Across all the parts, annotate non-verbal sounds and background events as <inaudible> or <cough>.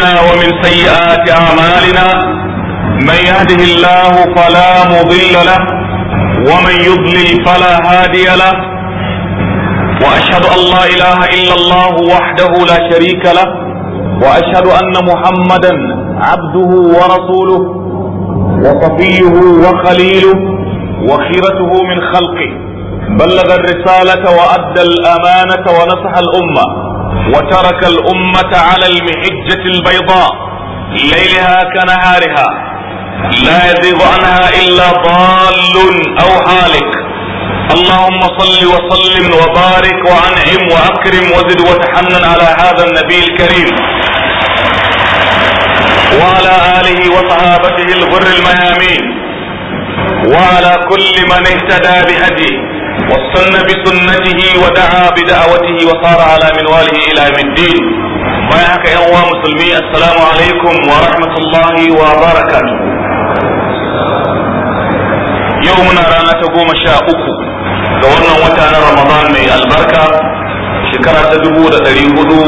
أنفسنا ومن سيئات أعمالنا من يهده الله فلا مضل له ومن يضلل فلا هادي له وأشهد أن لا إله إلا الله وحده لا شريك له وأشهد أن محمدا عبده ورسوله وصفيه وخليله وخيرته من خلقه بلغ الرسالة وأدى الأمانة ونصح الأمة وترك الأمة على المحجة البيضاء ليلها كنهارها لا يزيغ عنها إلا ضال أو هالك اللهم صل وسلم وبارك وأنعم وأكرم وزد وتحنن على هذا النبي الكريم وعلى آله وصحابته الغر الميامين وعلى كل من اهتدى بهديه واستن بسنته ودعا بدعوته وصار على منواله الى يوم الدين ما يحكى يا مسلمي السلام عليكم ورحمة الله وبركاته يومنا رانا تقوم شاء أكو دورنا وتعالى رمضان من البركة شكرا تدبو لتريهدو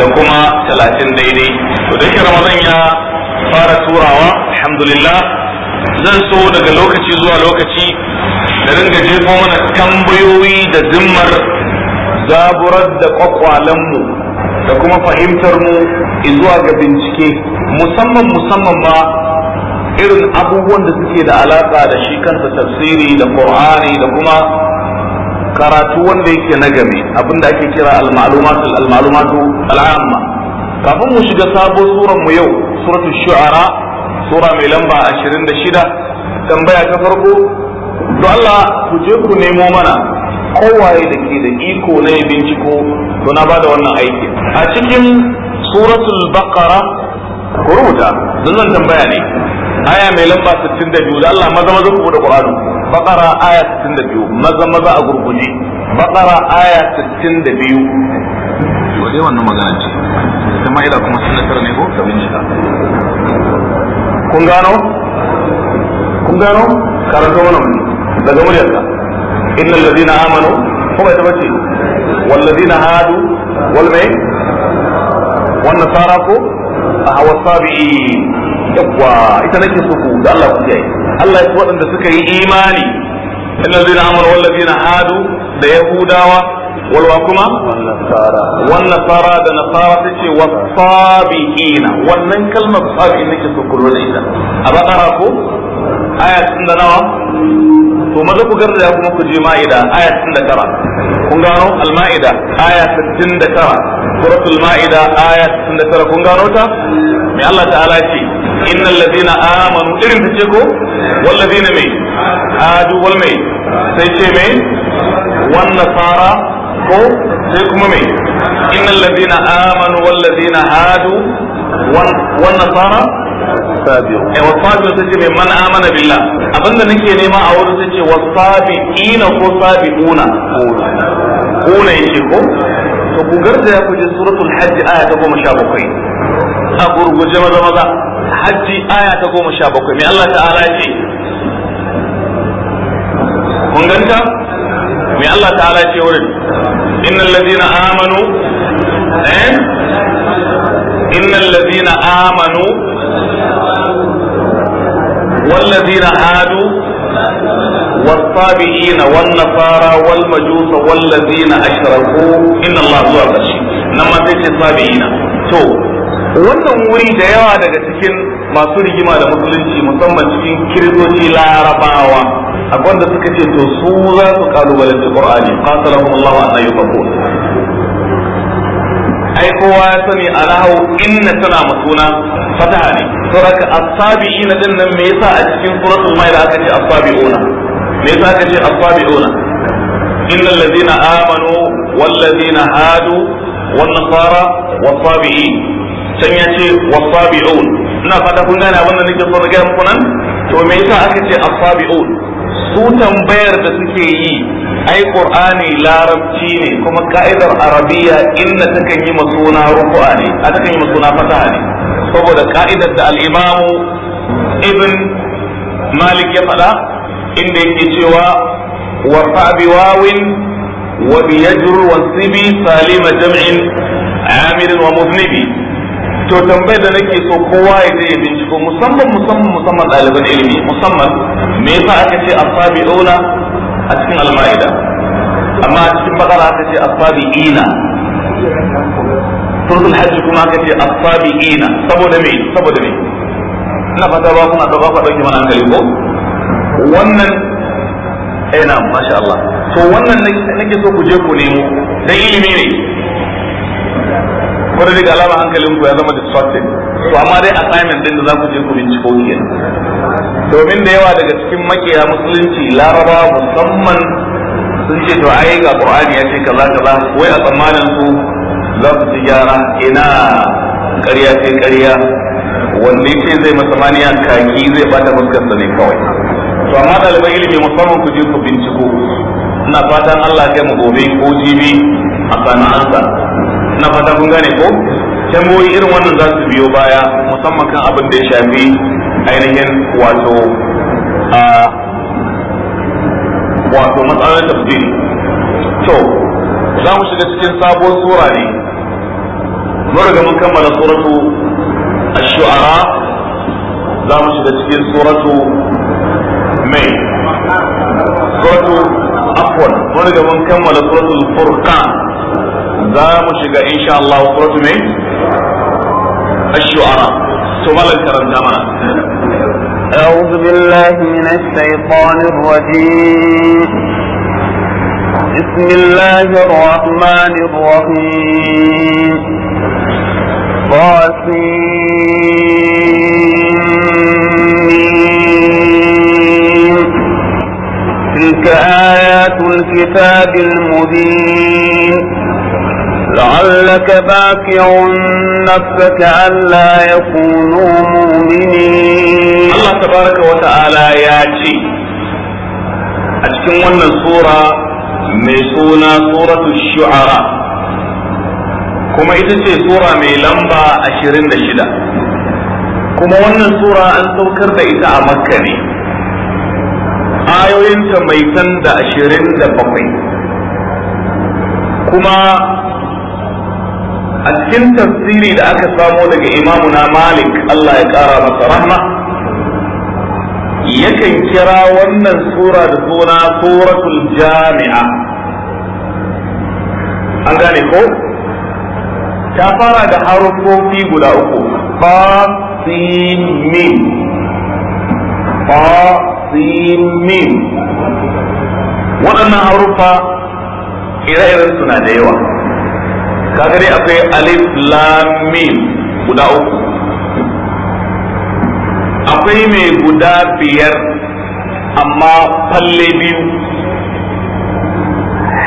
دكما ثلاثين ديني وذكر رمضان يا فارة سورة الحمد لله zan so daga lokaci zuwa lokaci da ringa jefo mana tambayoyi da zimmar zaburar da kwakwalenmu da kuma fahimtar mu zuwa ga bincike musamman musamman ma irin abubuwan da suke da alaka da shi kansa tafsiri da qur'ani da kuma karatu wanda yake na game abinda ake kira al-ma'lumatu al-ma'lumatu al-amma kafin mu shiga sabon suran mu yau suratul shu'ara sura mai lamba 26 tambaya ta farko to Allah ku je ku nemo mana kowaye da ke da iko na yi binciko to na bada wannan aiki a cikin suratul baqara ku rubuta zan tambaya ne aya mai lamba 62 da Allah maza maza ku da Qur'ani baqara aya 62 maza maza a gurguje baqara aya 62 wa dai wannan magana ce kuma ila kuma sunnatar ne ko ka bincika kun gano kun gano karanta wannan daga muryarsa innal ladina amanu kuma ita bace wal ladina hadu wal mai wan nasara ko ahwa sabiin yawa ita nake so ku da Allah ku yayi Allah ya waɗanda suka yi imani innal ladina amanu wal ladina hadu da yahudawa walwa kuma wannan fara da nasara ta ce wa sabi'ina wannan kalmar sabi'in nake so kullu da ita a bakara ko aya tun da nawa to maza ku garda kuma ku je ma'ida aya 69 kun gano al-ma'ida aya 69 suratul ma'ida aya 69 kun gano ta me Allah ta'ala ce innal ladina amanu irin ta ce ko wal ladina mai adu wal mai sai ce mai wan nasara ko sai kuma mai innal ladina amanu wal ladina hadu wan nasara eh wasabi wata ce man amana billah abinda nake nema a wurin ta ce wasabi ina ko sabi Kuna una yake ko to ku garda ku ji suratul hajj aya ta 17 a gurguje maza maza hajji aya ta 17 me Allah ta'ala ce kun ganta me Allah ta'ala ce wurin innal ladina amanu eh innal ladina amanu والذين هادوا والصابئين والنصارى والمجوس والذين أشركوا إن الله هو الغشي نما تيجي الصابئين تو wannan wuri da yawa daga cikin masu rigima da musulunci musamman cikin kiristoci larabawa akwai wanda suka ce to su za su kalubalanci qur'ani qatalahum allah an yufaku ai kowa ya sani a rahu inna tana masuna fataha ne to haka asabi'ina din nan me yasa a cikin suratul maida aka ce asabi'una me yasa aka ce asabi'una innal ladina amanu wal ladina hadu wan nasara was sabi'in san yace was sabi'un ina fata kun gane abin da nake son ga muku nan to me yasa aka ce asabi'un su tambayar da suke yi ai qur'ani larabci ne kuma ka'idar arabiya inna takan yi masuna ruku'a ne a takan yi masuna fataha ne saboda ka'idar da al-imam ibn malik ya faɗa inda yake cewa wa fa'bi wawin wa bi wa sibi salima jam'in Amirin wa mudnibi to tambayar da nake so kowa ya je ya binciko musamman musamman musamman ɗaliban ilimi musamman me yasa aka ce asabi aula a cikin alma'ida amma a cikin bakara aka ce asabi ina hajji kuma aka ce asabi ina saboda me saboda me ina fata ba kuna da ba ku dauke mana hankali ko wannan eh na masha Allah to wannan nake so ku je ku nemo dan ilimi ne bari daga alama hankalin ku ya zama distracted to amma dai assignment din da za ku je ku binciko ke domin da yawa daga cikin makiya musulunci laraba musamman sun ce to ai ga qur'ani ya ce kaza kaza wai a tsammanin ku za ku ci ina ƙarya ce ƙarya wanda yake zai masamaniya kaki zai bata fuskar sa ne kawai to amma ɗaliban ilimi musamman ku je ku binciko ina fatan Allah ya mu gobe ko jibi a sana'ansa ina fata kun gane ko tamboyi irin wannan za su biyo baya musamman kan abin da ya shafi ainihin wato a wato matsalar tafsiri to za mu shiga cikin sabon sura ne mun riga mun kammala suratu ash-shu'ara za mu shiga cikin suratu mai suratu afwan mun riga mun kammala suratu furqan za mu shiga insha Allah suratu mai ash-shu'ara to malan أعوذ بالله من الشيطان الرجيم بسم الله الرحمن الرحيم طاسمين تلك آيات الكتاب المبين لعلك باكع نفسك ألا يكونوا مؤمنين الله تبارك وتعالى ياتي أتكلم wannan sura mai suna suratu shu'ara kuma ita ce sura mai lamba ashirin da shida kuma wannan sura an saukar da ita a makka ne ayoyinta mai sanda da ashirin da bakwai kuma a cikin tafsiri da aka samo daga imamu na malik Allah ya kara masa rahma yakan kira wannan sura da suna suratul jami'a an gane ko ta fara da harufofi guda uku ba min ba min waɗannan harufa ire-iren suna da yawa ka gani akwai alif lam mim guda uku akwai mai guda biyar amma falle biyu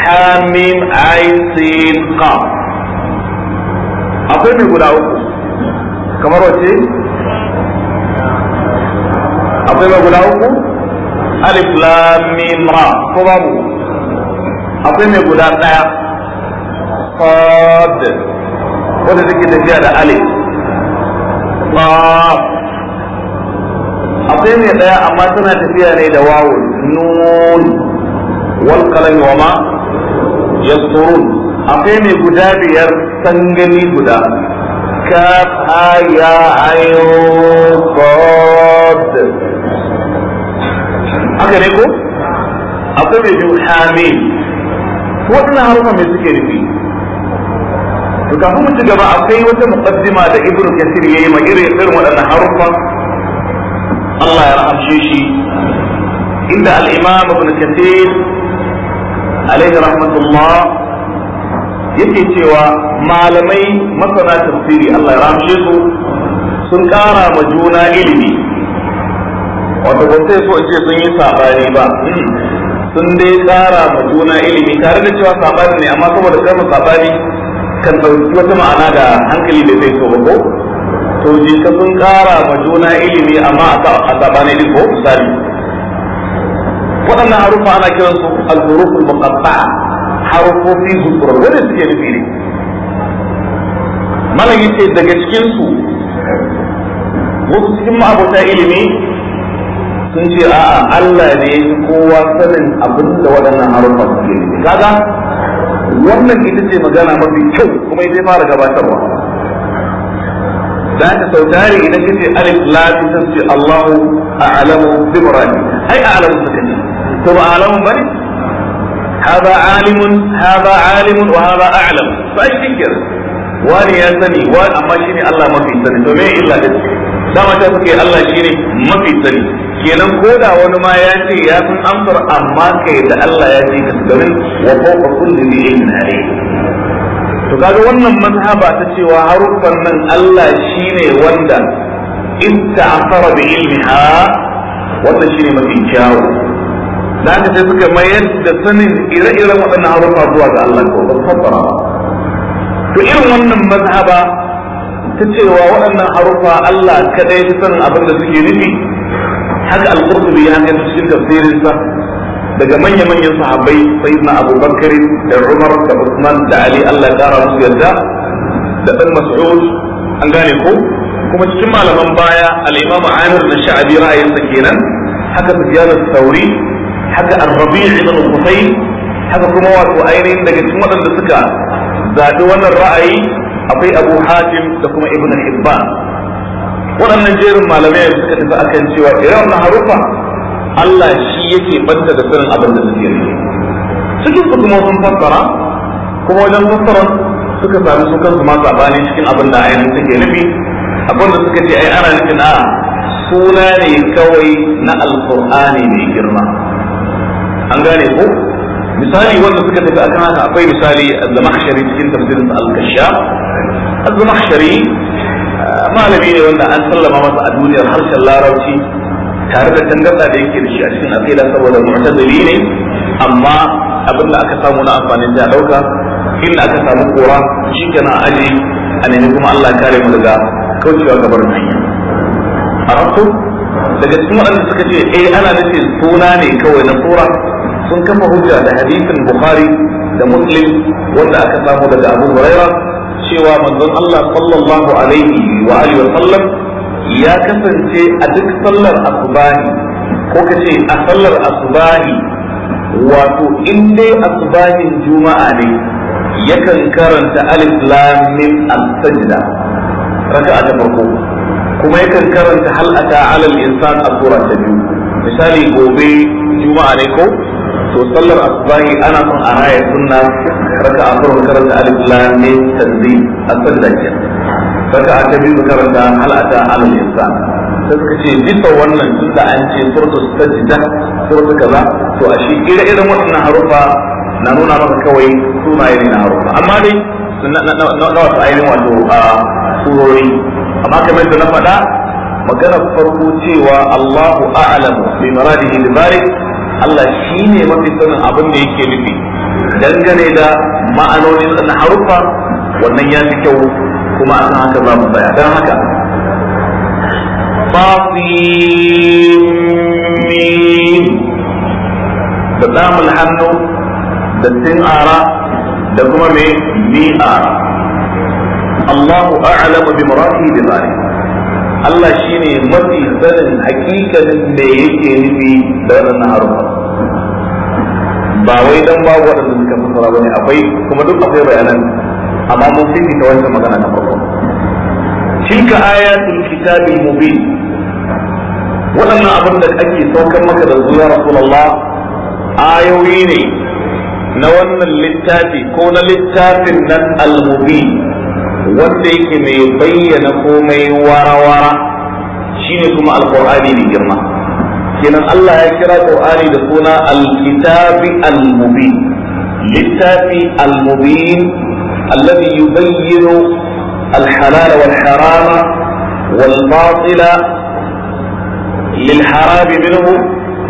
hamim aisin qaf akwai mai guda uku kamar wace akwai mai guda uku alif lam mim ra ko babu akwai mai guda daya صاد wanda take tafiya da alif qaf akwai mai daya amma tana tafiya ne da wawun nun wal qalami wa ma yasturun akwai mai guda biyar sangani guda kaf ya ayyun qad haka ne ko akwai mai biyu hamil waɗannan harufa mai suke nufi to kafin mu ci gaba akwai wata muqaddima da ibnu kasir yayi ma irin irin waɗannan haruffan Allah ya rahamshe shi inda al-imam ibnu kasir alaihi rahmatullah yake cewa malamai masana tafsiri Allah ya rahamshe su sun ƙara ma juna ilimi wato ba sai so in ce sun yi sabani ba hmm. sun dai tsara ma juna ilimi tare da cewa sabani ne amma saboda kai mu sabani kan ɗauki wata ma'ana da hankali da zai so ko to je ka sun ƙara ma juna ilimi amma a ilimi ko misali waɗannan harufa ana su al-huruful muqatta'a harufofi zukurar wanda suke nufi ne malam yace daga cikin su wasu cikin ma'abota ilimi sun ce a'a Allah ne kowa sanin abin da waɗannan harufa suke nufi kaga wannan ita ce magana mafi kyau kuma ita fara gabatarwa da haka sau tare idan ka ce alif lam ta ce Allahu a a'lamu bi muradi ai a'lamu suka ce to ba a'lamu bane hada alimun hada alimun wa hada a'lam sai shikir wani ya sani wani amma ne Allah mafi sani to me illa da dama ta kuke Allah shi ne mafi sani kenan ko da wani ma ya ce ya san amsar amma kai da Allah ya ce ka domin wa fawqa kulli ilmin alim to kaga wannan mazhaba ta cewa haruffan nan Allah shine wanda in ta'affara bi ilmiha wannan shine mafi kyawu da aka sai suka mayar da sanin ire-iren waɗannan haruffa zuwa ga Allah ko ba fara to irin wannan mazhaba ta cewa waɗannan haruffa Allah kadai ya san abin da suke nufi haka al-qurtubi ya haka cikin tafsirinsa daga manya-manyan sahabbai sayyidina Abu Bakar da Umar da usman da Ali Allah kara musu yarda da dan Mas'ud an gane ko kuma cikin malaman baya alimam imam Amir bin Sha'abi ra'ayinsa kenan haka Sufyan al-Thawri haka Ar-Rabi' ibn Qusay haka kuma wato ainihin daga cikin waɗanda suka zaɓi wannan ra'ayi akwai Abu Hatim da kuma Ibn Hibban waɗannan jerin malamai suka tafi akan cewa irin wannan harufa Allah shi yake banta da sanin abin da suke yi cikin su kuma sun fassara kuma wajen fassara suka sami su kansu ma sabani cikin abin da ayyukan suke nufi abin da suka ce ai ana nufin a suna ne kawai na alqur'ani mai girma an gane ko misali wanda suka tafi akan haka akwai misali az-zamakhshari cikin tafsirin al-kashaf az-zamakhshari malami ne wanda an sallama masa a duniyar harshen larabci tare da tangarda da yake da shi a cikin aqida saboda mu'tazili ne amma abin da aka samu na amfanin da dauka inda aka samu kora shi a aji a nemi kuma Allah kare mu daga kaucewa gabar hanya a daga cikin waɗanda suka ce eh ana nufin suna ne kawai na sura sun kafa hujja da hadisin bukhari da muslim wanda aka samu daga abu hurairah cewa manzon Allah sallallahu alaihi wa alihi wa ya kasance a duk sallar asubahi ko kace a sallar asubahi wato in dai asubahin juma'a ne yakan karanta alif lam mim as-sajda raka'a ta farko kuma yakan karanta hal ata ala al-insan ta biyu misali gobe juma'a ne ko to sallar asbahi ana son a raya sunna raka a farko karanta alif lam mim tanzil a sallar ke raka a ta biyu karanta hal ata al insan sai suka ce bisa wannan tunda an ce su suratu sajda suratu kaza to a shi ire-iren waɗannan harufa na nuna maka kawai sunaye ne na harufa amma dai na wasu ainihin wato a surori amma kamar da na faɗa magana farko cewa Allahu a'lamu bi maradihi bi Allah shi ne mafi sanin abin da yake nufi dangane da ma'anonin na haruffa wannan ya fi kyau kuma a san haka za mu tsaya don haka Fasimim da hannu da sin ara da kuma mai ni'ara Allahu a'lamu bi muradihi bi zalika Allah shi ne mafi sanin hakikanin me yake nufi da wannan harufa ba wai dan ba waɗanda suka fasara bane akwai kuma duk akwai bayanan amma mun fi ta wancan magana na farko tilka ayatul kitabil mubin waɗannan abin da ake saukar maka da zuwa rasulullah ayoyi ne na wannan littafi ko na littafin nan al-mubin wanda yake mai bayyana komai wara-wara shine kuma alqur'ani ne girma kenan Allah ya kira qur'ani da suna alkitabi almubin littafi almubin alladhi yubayyinu الحلال والحرام والباطل للحرام منه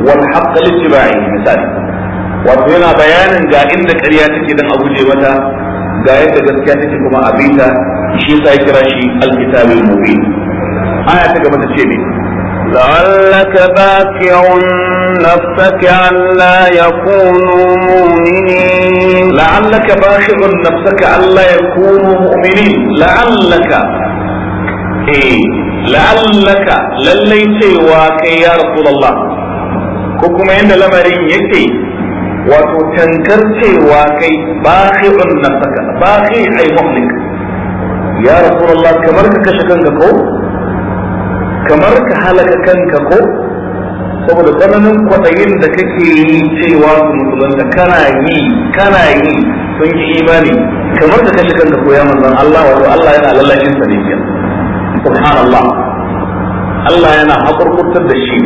والحق لاتباعه مثال wato yana bayanin ga inda ƙarya take dan a mata ga yadda gaskiya take kuma abinda shi sai kira shi alkitabul mubin aya ta gaba ta ce ne لعلك باكع نفسك ألا يكونوا مؤمنين لعلك باكع نفسك ألا يكونوا مؤمنين لعلك إيه لعلك للي سوى يا رسول الله ko kuma yadda lamarin yake wato tankar cewa kai ba saka ba bakhi ai muhlik ya rasulullah kamar ka kashe kanka ko kamar ka halaka kanka ko saboda tsananin kwaɗayin da kake yi cewa su musulunta kana yi kana yi sun yi imani kamar ka kashe kanka ko ya manzon Allah wato Allah yana lallashin sa ne subhanallah Allah yana haƙurƙurtar da shi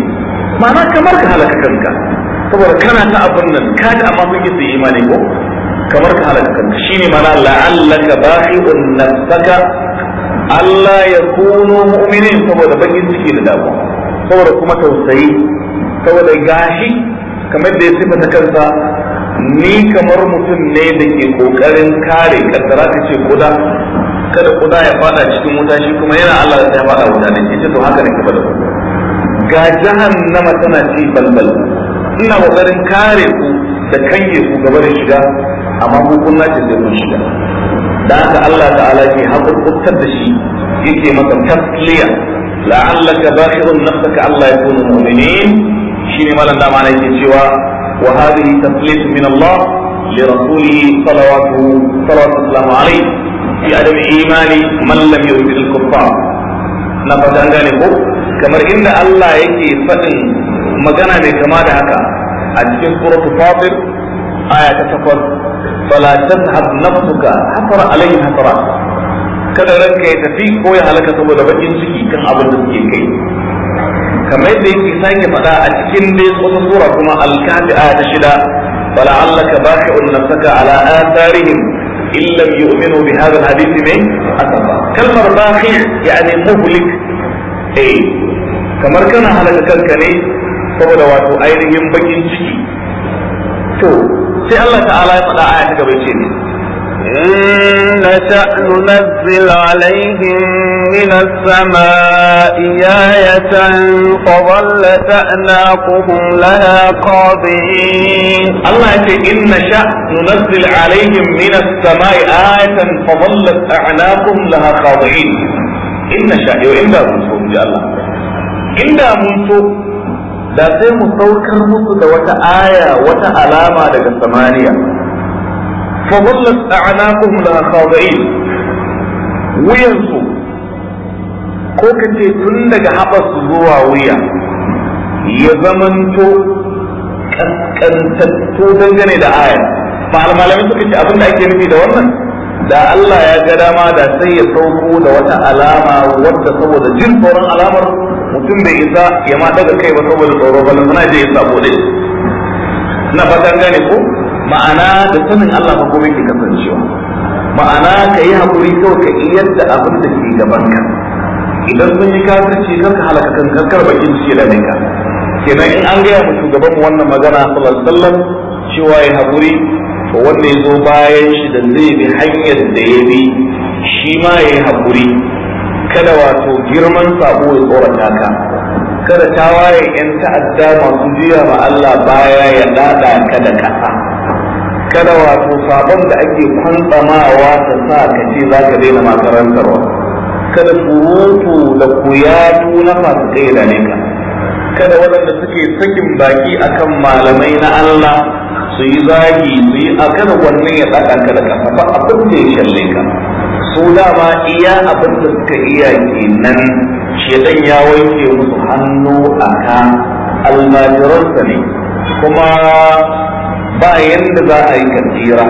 ma'ana kamar ka halaka kanka saboda kana ta abin nan ka ji amma sun yi imani ko kamar ka halaka kanka shine mana la'allaka ba'idun nafsaka Allah ya kuno mu'minin saboda bakin ciki da dawo saboda kuma tausayi saboda gashi kamar da ya sifata kansa ni kamar mutum ne da ke kokarin kare kaddara ka ce kuda kada kuda ya fada cikin wuta shi kuma yana Allah ya fada wuta ne ce to haka ne ka fada ga jahannama tana ci balbal ina kokarin kare ku da kange ku gaba da shiga amma ku kunna nace da kun shiga da haka Allah ta'ala ke hakurkutar da shi yake maka tasliya la'allaka bakhirun nafsaka Allah ya kunu mu'minin shine malan da ma yake cewa wa hadhihi tasliyatu min Allah li rasulihi salawatu sallallahu alaihi fi adam imani man lam yuzil kuffar na fata gane ko kamar inda Allah yake fadin magana mai kama da haka a cikin suratul fatir aya ta takwas fala tadhhab nafsuka hasara alayhi hasara kada ranka ya tafi ko ya halaka saboda bakin ciki kan abin da suke kai kamar yadda yake sake fada a cikin dai wata sura kuma al-kahfi aya ta shida fala فلعلك باخع نفسك على آثارهم إن لم يؤمنوا بهذا الحديث min أسفا kalmar baqi' yani muhlik أي kamar kana halaka kanka ne saboda wato ainihin bakin ciki to sai Allah ta'ala ya faɗa aya ta gaba ce ne إن شأن ننزل عليهم من السماء آية فظلت أعناقهم لها خاضعين الله يقول إن شأن ننزل عليهم من السماء آية فظلت أعناقهم لها خاضعين إن شأن وإن دا منصور إن دا منصور da sai mu saukar musu da wata aya wata alama daga samaniya fa wallat a'naquhum la khadi'in wuyansu ko kace tun daga su zuwa wuya ya zamanto kaskantattu dangane da aya ba malamai suka ce abin ake nufi da wannan da Allah ya ga dama da sai ya sauko da wata alama wadda saboda jin tsoron alamar mutum bai isa ya ma daga kai ba saboda tsoro ba suna je ya sabo dai na fatan gane ko ma'ana da sanin Allah ba komai ke kasancewa ma'ana ka yi hakuri kawai ka yi yadda abin da ke gaban ka idan sun yi kafirci kan ka halaka kan kankar bakin ce da ka kenan in an gaya mu shugaban wannan magana sallallahu alaihi wasallam cewa ya hakuri wanda ya zo bayan shi da zai bi hanyar da ya bi shi ma ya yi haƙuri kada wato girman sabo ya tsorata ka kada tawaye yan ta'adda masu jiya ma Allah baya ya dada ka da kasa kada wato sabon da ake kwantsamawa ta sa ka ce za ka daina makarantarwa kada surutu da kuyatu na fasu kai da ne ka kada waɗanda suke sakin baki akan malamai na Allah su yi zagi su yi a kan wannan ya tsaka ka da kafa ba abin da ya shalle ka su dama iya abin da suka iya kenan shedan ya wanke musu hannu a ka almajiransa ne kuma ba yadda za a yi kantira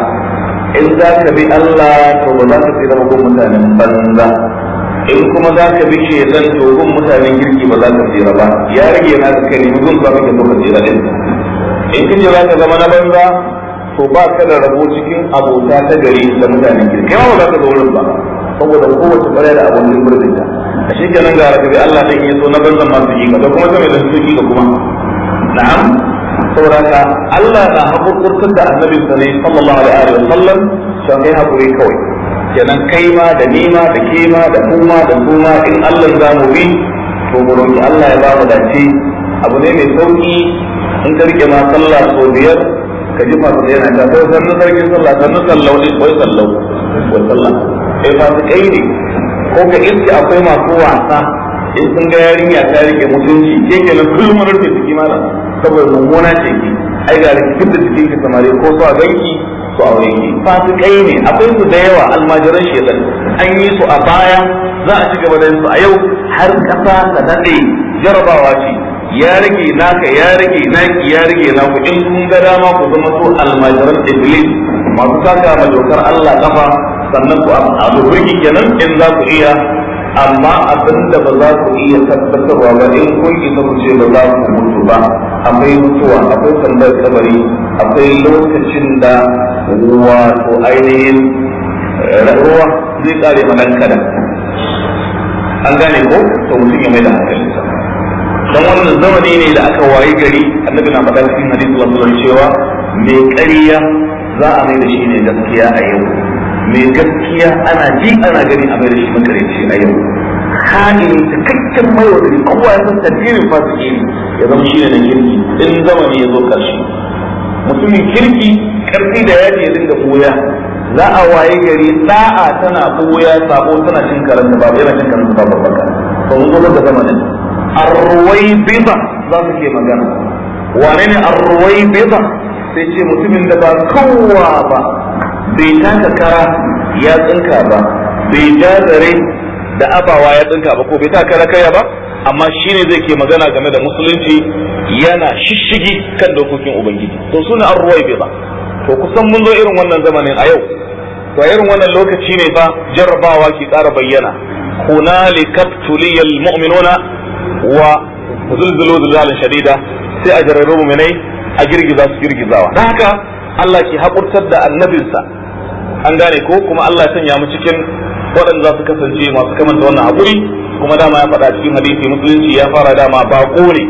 in za ka bi Allah to ba za ka tsira ko mutanen banza in kuma za ka bi shedan to mutanen girki ba za ka tsira ba ya rage na ka nemi gun ba ka tsira din in kace za ka zama na banza to ba ka da rabo cikin abota ta gari da mutanen kirki kai ma ba za ka zo wurin ba saboda kowace bare da abun din burbin ta a shekarun ga rakabi Allah dan yaso na banzan masu yi da kuma sai da su yi ka kuma na'am saboda ka Allah na hakurkurtar da annabi sallallahu alaihi wa sallam sai kai hakuri kawai kenan kai ma da ni ma da ke ma da kuma da kuma in Allah za mu bi to mu roki Allah ya ba mu dace abu ne mai sauki in ka rike ma sallah so biyar ka ji masu da yana ta sai sannu sarkin sallah sannu sallau ne wai sallau wai sallah kai masu kai ne ko ka iske akwai masu wasa in sun ga yarinya ta rike mutunci ke kenan kullum rufe jiki mala saboda mummuna ce ki ai ga rikitin da jiki ka samare ko so a ganki su aure ki kai ne akwai su da yawa almajiran shedan an yi su a baya za a ci gaba da su a yau har kasa ta daɗe jarabawa ce ya rage naka ya rage naki ya rage naku in kun ga dama ku zama to almajiran iblis masu saka ma dokar Allah kafa sannan ku abu burki kenan in za ku iya amma abin da ba za ku iya tabbatarwa ba in kun isa ku ce ba za ku mutu ba akwai mutuwa akwai tambayar kabari akwai lokacin da wato ainihin eh, ruwa zai kare mana kada an gane ko to mutum ya mai da hankalinsa dan wannan zamani ne da aka waye gari annabi na faɗa cikin hadisi sallallahu cewa mai ƙarya za a mai da shi ne gaskiya a yau mai gaskiya ana ji ana gani a mai da shi makareci a yau hali cikakken maiwatsi kowa ya san tasirin fasiki ya zama shi ne na kirki in zamani ya zo ƙarshe mutumin kirki ƙarfi da yaji ya dinga boya za a waye gari sa'a tana boya sabo tana cin karanta babu yana cin karanta babu baka to mun zo da zamanin arwaibiza za su ke magana wane ne arwaibiza sai ce mutumin da ba kowa ba bai taka kara ya tsinka ba bai jazare da abawa ya tsinka ba ko bai taka kara kaya ba amma shi ne zai ke magana game da musulunci yana shishigi kan dokokin ubangiji to suna arwaibiza to kusan mun zo irin wannan zamanin a yau to irin wannan lokaci ne fa jarrabawa ke kara bayyana hunalika tuliyal mu'minuna wa zulzulu zulzalan shadida sai a jarrabu mu'minai a girgiza su girgizawa dan haka Allah ke hakurtar da annabinsa an gane ko kuma Allah ya sanya mu cikin waɗanda za su kasance masu kamanta wannan haƙuri kuma dama ya faɗa cikin hadisi musulunci ya fara dama bako ne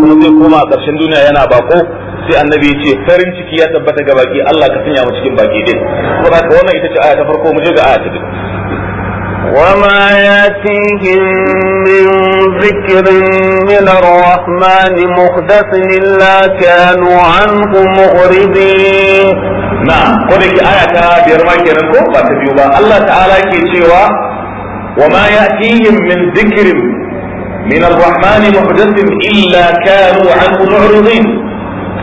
kuma zai koma a ƙarshen duniya yana bako sai annabi ya ce farin ciki ya tabbata ga baki Allah ka sanya mu cikin baki din ka wannan ita ce aya ta farko mu je ga aya ta biyu وما ياتيهم من ذكر من الرحمن مخدث إلا كانوا عنه مغربين نعم لك آية بيرما كيرن كو الله تعالى كي cewa وما ياتيهم من ذكر من الرحمن محدث إلا كانوا عنه معرضين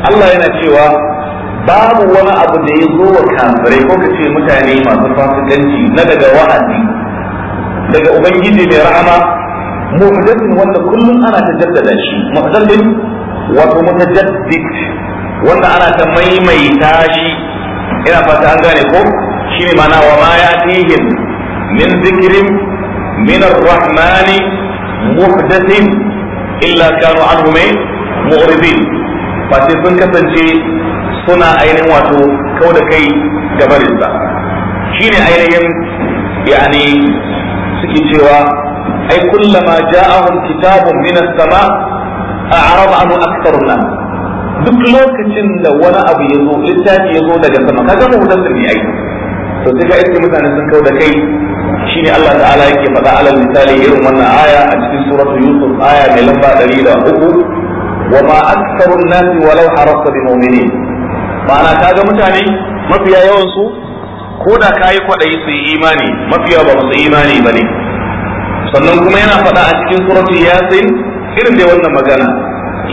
الله yana cewa babu wani abu da ya zo wa kafirai ko ka ce mutane masu fasikanci na daga daga ubangiji mai rahama muhdathin wanda kullum ana ta jaddada shi muhdathin wato mutajaddid wanda ana ta maimaita shi ina fata an gane ko shine ma'ana wa ma yatihim min dhikrin min ar-rahmani muhdathin illa kanu anhu mu'ridin Fati sun kasance suna ainihin wato kau da kai gabarin sa shine ainihin yani suke cewa ai kullama ja'ahum kitabun min as-sama a'rada anhu aktharun duk lokacin da wani abu ya zo littafi ya zo daga sama kaga mu da sun yi to sai ga mutane sun kauda da kai shine Allah ta'ala yake faɗa alal misali irin wannan aya a cikin suratul yusuf aya mai lamba 103 وما أكثر الناس ولو حرصت بمؤمنين ma'ana kaga mutane mafiya yawansu ko da ka yi kwaɗayi su yi imani mafiya ba su imani ba ne sannan kuma yana faɗa a cikin suratu yasin irin da wannan magana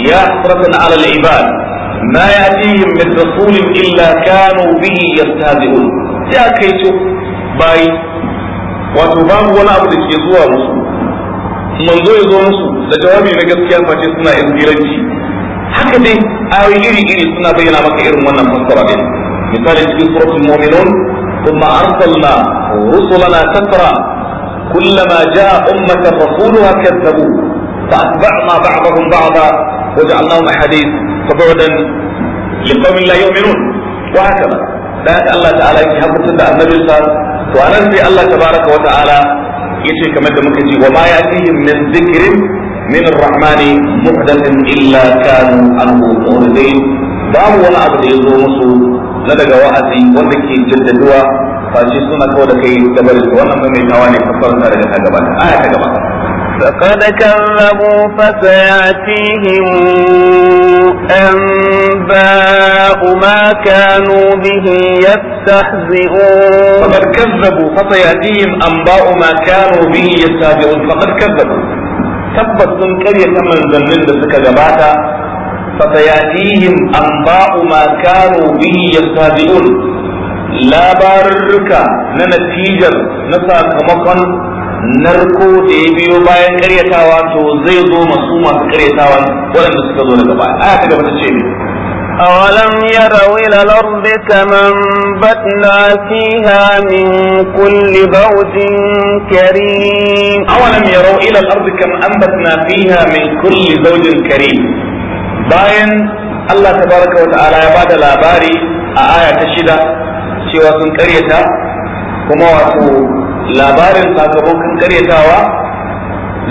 ya na alal ibad ma yatihim min rasulin illa kanu bihi yastahzi'un sai kai to bai wato babu wani abu da ke zuwa musu manzo ya zo musu da jawabi na gaskiya face suna ingiranci haka dai ayoyi iri iri suna bayyana maka irin wannan fassara din misali cikin suratul mu'minun ثم أرسلنا رسلنا تترى كلما جاء أمة رسولها كذبوه فأتبعنا بعضهم بعضا وجعلناهم أحاديث فبعدا لقوم لا يؤمنون وهكذا ذلك الله تعالى يحب سنة النبي صلى وأنا في الله تبارك وتعالى يشي كما مكتي وما يأتيهم من ذكر من الرحمن محدث إلا كانوا عنه مؤمنين باب ولا عبد يزور na daga wa'azi wanda ke jaddaduwa ba shi suna kawo da kai da bari wannan mai tawa ne kafar ta daga ta gaba aya ta gaba فقد كذبوا فسيأتيهم أنباء ما كانوا به يستهزئون فقد كذبوا فسيأتيهم أنباء ما كانوا به يستهزئون فقد كذبوا tabbas sun karya ta manzannin da suka gabata فسيأتيهم أنباء ما كانوا به يستهزئون لا بارك ننتيجا نسى كمقا نركو تيبي وباي كريتاوا تزيدوا مصومة كريتاوا ولم تستطيعون لقباء آخر من الشيء آية أولم يروا إلى الأرض كَمْ انبتنا فيها من كل بوز كريم أولم يروا إلى الأرض كَمْ انبتنا فيها من كل زوج كريم bayan Allah baraka wa ta'ala ya bada labari a aya ta shida cewa sun karyata kuma wato labarin sakamakon karyatawa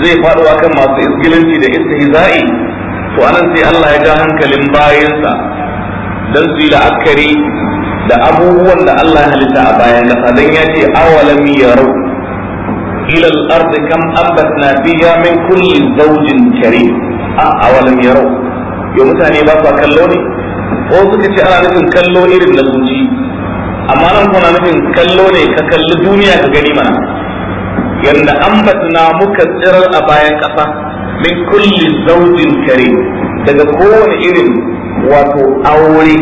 zai faɗo kan masu izgilanci da istihza'i to anan sai Allah ya ja hankalin bayansa dan su yi la'akari da abubuwan da Allah ya halitta a bayan kasa dan ya ce awalam yarau ila al-ard kam ambatna fiha min kulli zawjin karim a awalam yarau yau mutane ba sa kallo ne ko suka ce ana nufin kallo irin na zuci amma nan kuna nufin kallo ne ka kalli duniya ka gani mana yanda ambatna muka tsirar a bayan kasa min kulli zaujin kare daga kowane irin wato aure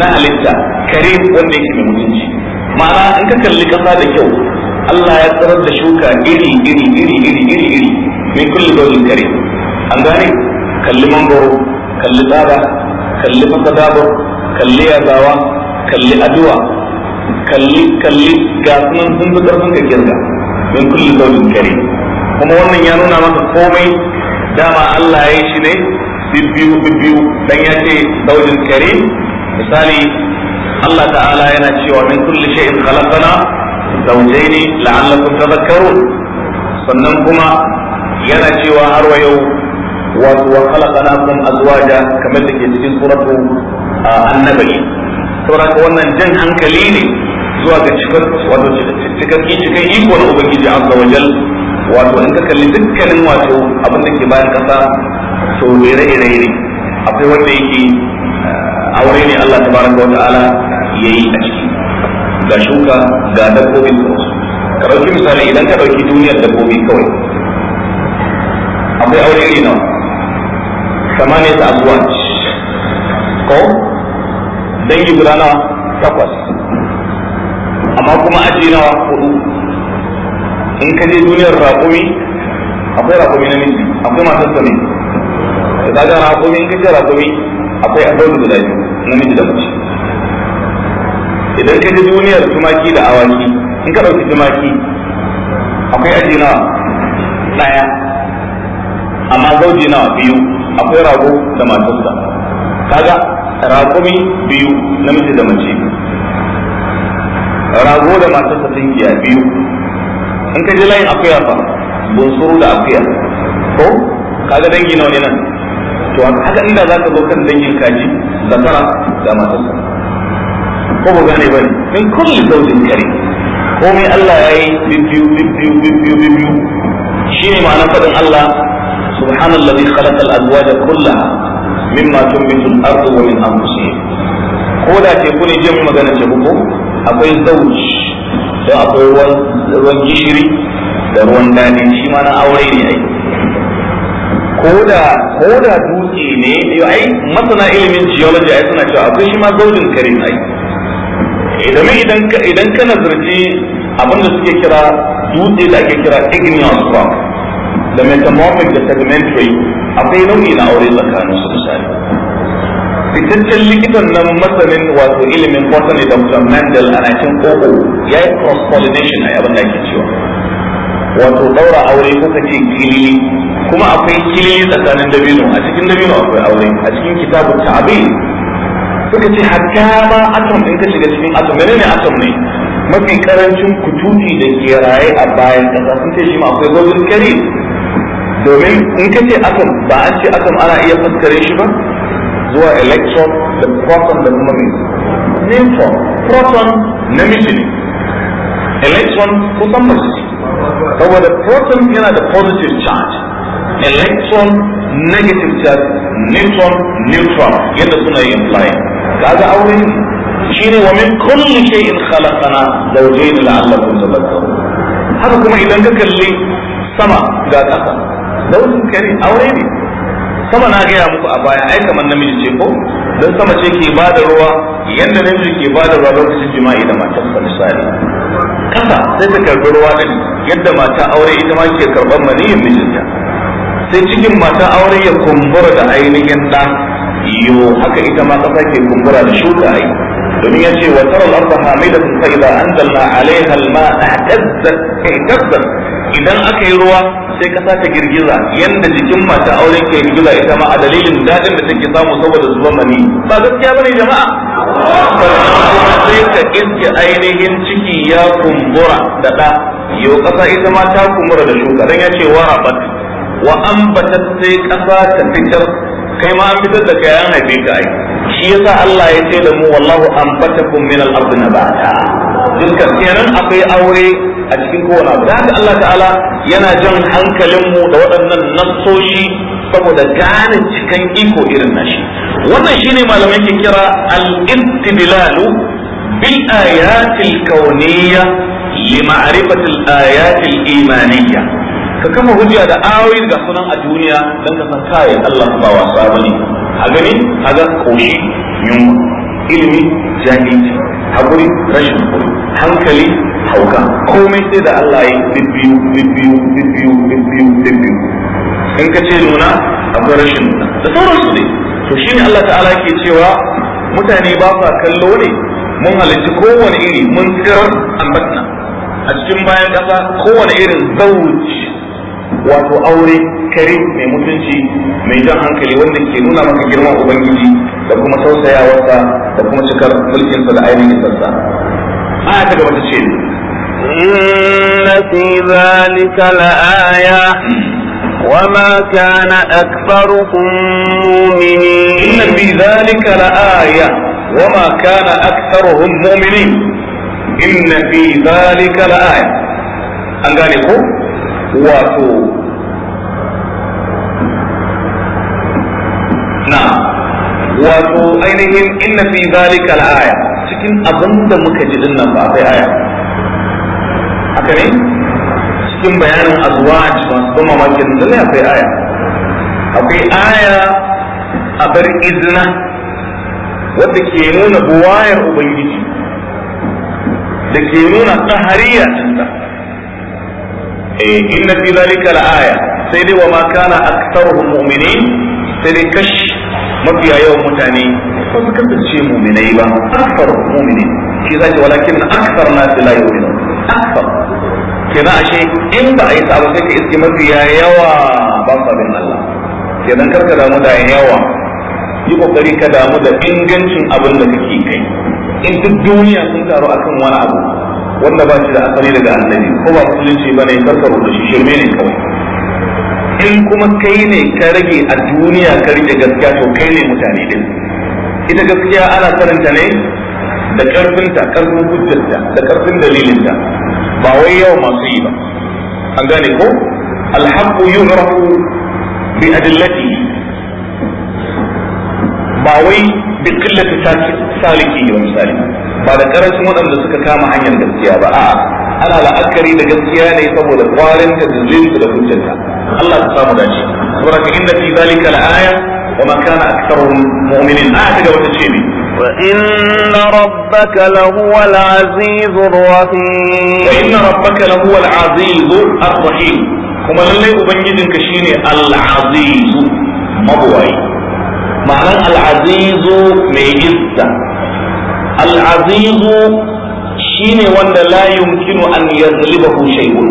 na halitta kare wanda yake mai mutunci ma'ana in ka kalli kasa da kyau Allah ya tsirar da shuka iri iri iri iri iri iri min kulli zaujin kare an gane kalli mangoro kalli tsaba kalli fasadabur kalli yazawa kalli aduwa kalli kalli ga sunan sun fi karfin ka kirga min kulli sautin kare kuma wannan ya nuna masa komai dama Allah ya yi shi ne bibbiyu bibbiyu dan ya ce sautin kare misali Allah ta'ala yana cewa min kulli shay'in khalaqana zawjayn la'allakum tadhakkarun sannan kuma yana cewa har wa yau wato wa khalaqnakum azwaja kamar da ke cikin suratu annabi saboda wannan jan hankali ne zuwa ga cikar wato cikar cikin iko na ubangiji azza wa jal wato in ka kalli dukkanin wato abin da ke bayan kasa to ire-ire ne akwai wanda yake aure ne Allah tabaraka wa ta'ala yayi a ciki ga shuka ga dabbobi sauransu ka ɗauki misali idan ka ɗauki duniyar dabbobi kawai akwai aure ne nawa samaniya ta abuwan ko dangi guda nawa takwas amma kuma aji nawa hudu in ka je duniyar raƙumi akwai raƙumi na miji akwai masu sami da a kaga raƙumi in ka je raƙumi akwai a abuwan guda biyu na miji da mace idan ka je duniyar tumaki da awaki in ka ɗauki tumaki akwai a nawa ɗaya amma zauji nawa biyu akwai rago da matarsa kaga raƙumi biyu namiji da mace rago da matarsa tunkiya biyu in ka ji layin akuya fa bunsuru da akuya ko kaga dangi nawa ne nan to haka inda za ka zo kan dangin kaji zakara da matarsa ko ba gane ba ne min kulli zaujin kare komai Allah ya yi bibbiyu bibbiyu bibbiyu shi shine ma'anar faɗin Allah سبحان الذي خلق الأزواج كلها مما تنبت الأرض ومن أنفسهم كودا تكوني جمع مدنة تبوكو أقوي زوج da akwai ruwan gishiri da ruwan dani shi na aure ne ai koda koda dutse ne ai masana ilimin geology ai suna cewa akwai shi ma zaujin ai eh, idan idan kana abin da suke kira dutse da ake kira igneous rock da metamorphic da segmentary akwai nau'i na aure tsakanin su misali fitaccen likitan nan masanin wato ilimin botany dr Mandel a nakin koko oh oh ya yi cross pollination a abin da ake cewa wato daura aure ko kace kilili kuma akwai kilili tsakanin dabino a cikin dabino akwai aure a cikin kitabu ta'abi suka ce hatta ma atom in ka shiga cikin atom menene atom ne mafi karancin kututi da ke raye a bayan kasa sun ce shi ma akwai golden carry domin in ka ce atom ba a ce atom ana iya fuskare shi ba zuwa electron da proton da kuma neutron proton na miji ne electron kusan mace ce saboda proton yana da positive charge electron negative charge neutron neutral yadda suna yin imply kaga aure ne shine wa min kulli shay'in khalaqana zawjayn la'allakum tadhakkarun haka kuma idan ka kalli sama ga ƙasa zaujin kare aure ne sama na gaya muku a baya ai kamar namiji ce ko don sama ce ke ba da ruwa yadda namiji ke ba da ruwa lokacin jima'i da matar sa misali kasa sai ta karbi ruwa din yadda mata aure ita ma ke karban maniyin mijinta sai cikin mata aure ya kumbura da ainihin da yo haka ita ma kasa ke kumbura da shuka ai domin ya ce wa tarar arda hamidatan fa idza anzalna alaiha alma ihtazzat ihtazzat idan aka yi ruwa sai kasa ta girgiza yanda jikin mata auren ke girgiza ita ma a dalilin daɗin da take samu saboda zuwa mani ba gaskiya bane jama'a sai ka iske ainihin ciki ya kumbura da da yau kasa ita ma ta kumbura da shuka dan ya ce warabat wa ambatat sai kasa ta fitar kai ma an fitar da kayan haife ka ai shi yasa Allah ya ce da mu wallahu ambatakum min al-ard nabata dukkan kenan akwai aure a cikin kowane abu haka Allah ta'ala yana jan hankalinmu da waɗannan nassoshi saboda gane cikan iko irin nashi wannan shine malamai ke kira al-istidlalu bil ayatil kauniyya li ma'rifatil imaniyya ka kama hujja da ayoyi ga sunan a duniya dan ka san kai Allah ba wasa bane a gani a ga koshi yunwa ilimi jahilci hakuri rashin hankali hauka komai sai da Allah ya yi biyu biyu biyu biyu biyu in ka ce nuna akwai rashin nuna da sauransu ne to shi ne Allah ta'ala ke cewa mutane ba sa kallo ne mun halarci kowane iri mun tsirar ambatna a cikin bayan ƙasa kowane irin zauji wato aure kare mai mutunci mai jan hankali wanda ke nuna maka girman ubangiji da kuma tausayawarsa da kuma cikar mulkinsa da ainihin sassa a ta gaba ta ce إن في ذلك لآية وما كان أكثرهم مؤمنين إن في ذلك لآية وما كان أكثرهم مؤمنين إن في ذلك لآية أن ذلك واتو نعم واتو أينهم إن في ذلك الآية لكن أظن أنك تجد أنك أعطي آية haka ne cikin bayanin azwaj masu kuma makin zane akwai aya akwai aya a bar izina wadda ke nuna buwayar ubangiji da ke nuna tsahariya cinta eh inna fi zalika aya. sai dai wa ma kana aktsaruhum mu'minin sai dai kash mafiya yawan mutane ba su kasance mu'minai ba aktsaruhum mu'minin shi zai walakin na nas la yu'minun akbar kenan ashe in ba a yi sa ba sai ka iske mafiya yawa ban Allah kenan kar ka damu da yawa yi kokari ka damu da ingancin abin da kake kai in duk duniya sun taru akan wani abu wanda ba shi da asali daga annabi ko ba musulunci bane kar ka rubuta shi shirme ne kawai in kuma kai ne ka rage a duniya ka rage gaskiya to kai ne mutane din ita gaskiya ana karanta ne da karfinta karfin hujjarta da karfin dalilinta ba wai yau masu yi ba an gane ko alhaqu yu'rafu bi adillati ba wai bi qillati saliki wa misali ba da karancin waɗanda suka kama hanyar gaskiya ba a'a ana la'akari da gaskiya ne saboda kwarin da dalilin da hujjarta Allah ta samu dace saboda inda fi zalika al-aya wa ma kana mu'minin a ga wata ce ne وإن ربك لهو العزيز الرحيم وإن ربك لهو العزيز الرحيم كما لله أبنجدك شيني العزيز مبوي معنى العزيز ميزة العزيز shine wanda la yumkinu an yaghlibahu shay'un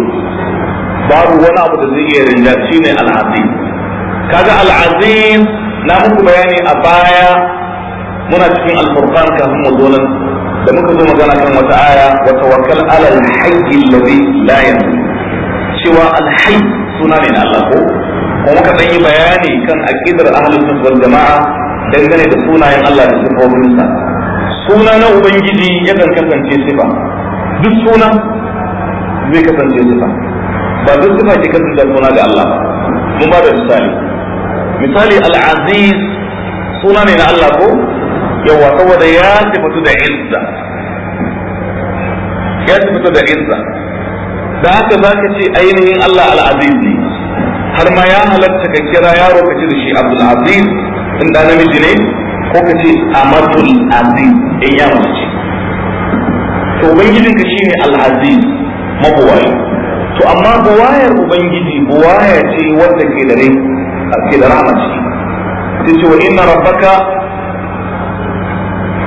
babu wani abu da zai iya rinja shine al kaga al na muku bayani a baya muna cikin alfurqan kan mu zo da muka zo magana kan wata aya wa tawakkal ala al-hayy alladhi la yamut cewa al-hayy suna ne na Allah ko ko muka dan yi bayani kan aqidar ahlus sunna wal jamaa dangane da sunayen Allah da sifofinsa suna na ubangiji yakan kasance sifa duk suna zai kasance sifa ba duk sifa ke kasance suna ga Allah mun ba da misali misali al-aziz suna ne na Allah ko yawa saboda ya sifatu da izza ya sifatu da izza da haka za ka ce ainihin Allah al'aziz ne har ma ya halatta ka kira yaro ka ce da shi abdul aziz in da namiji ne ko ka ce amatul aziz in ya mace to ubangijin ka shine al-aziz mabuwayi to amma buwayar ubangiji buwaya ce wanda ke da rai ke da rahama ciki, ta ce wa inna rabbaka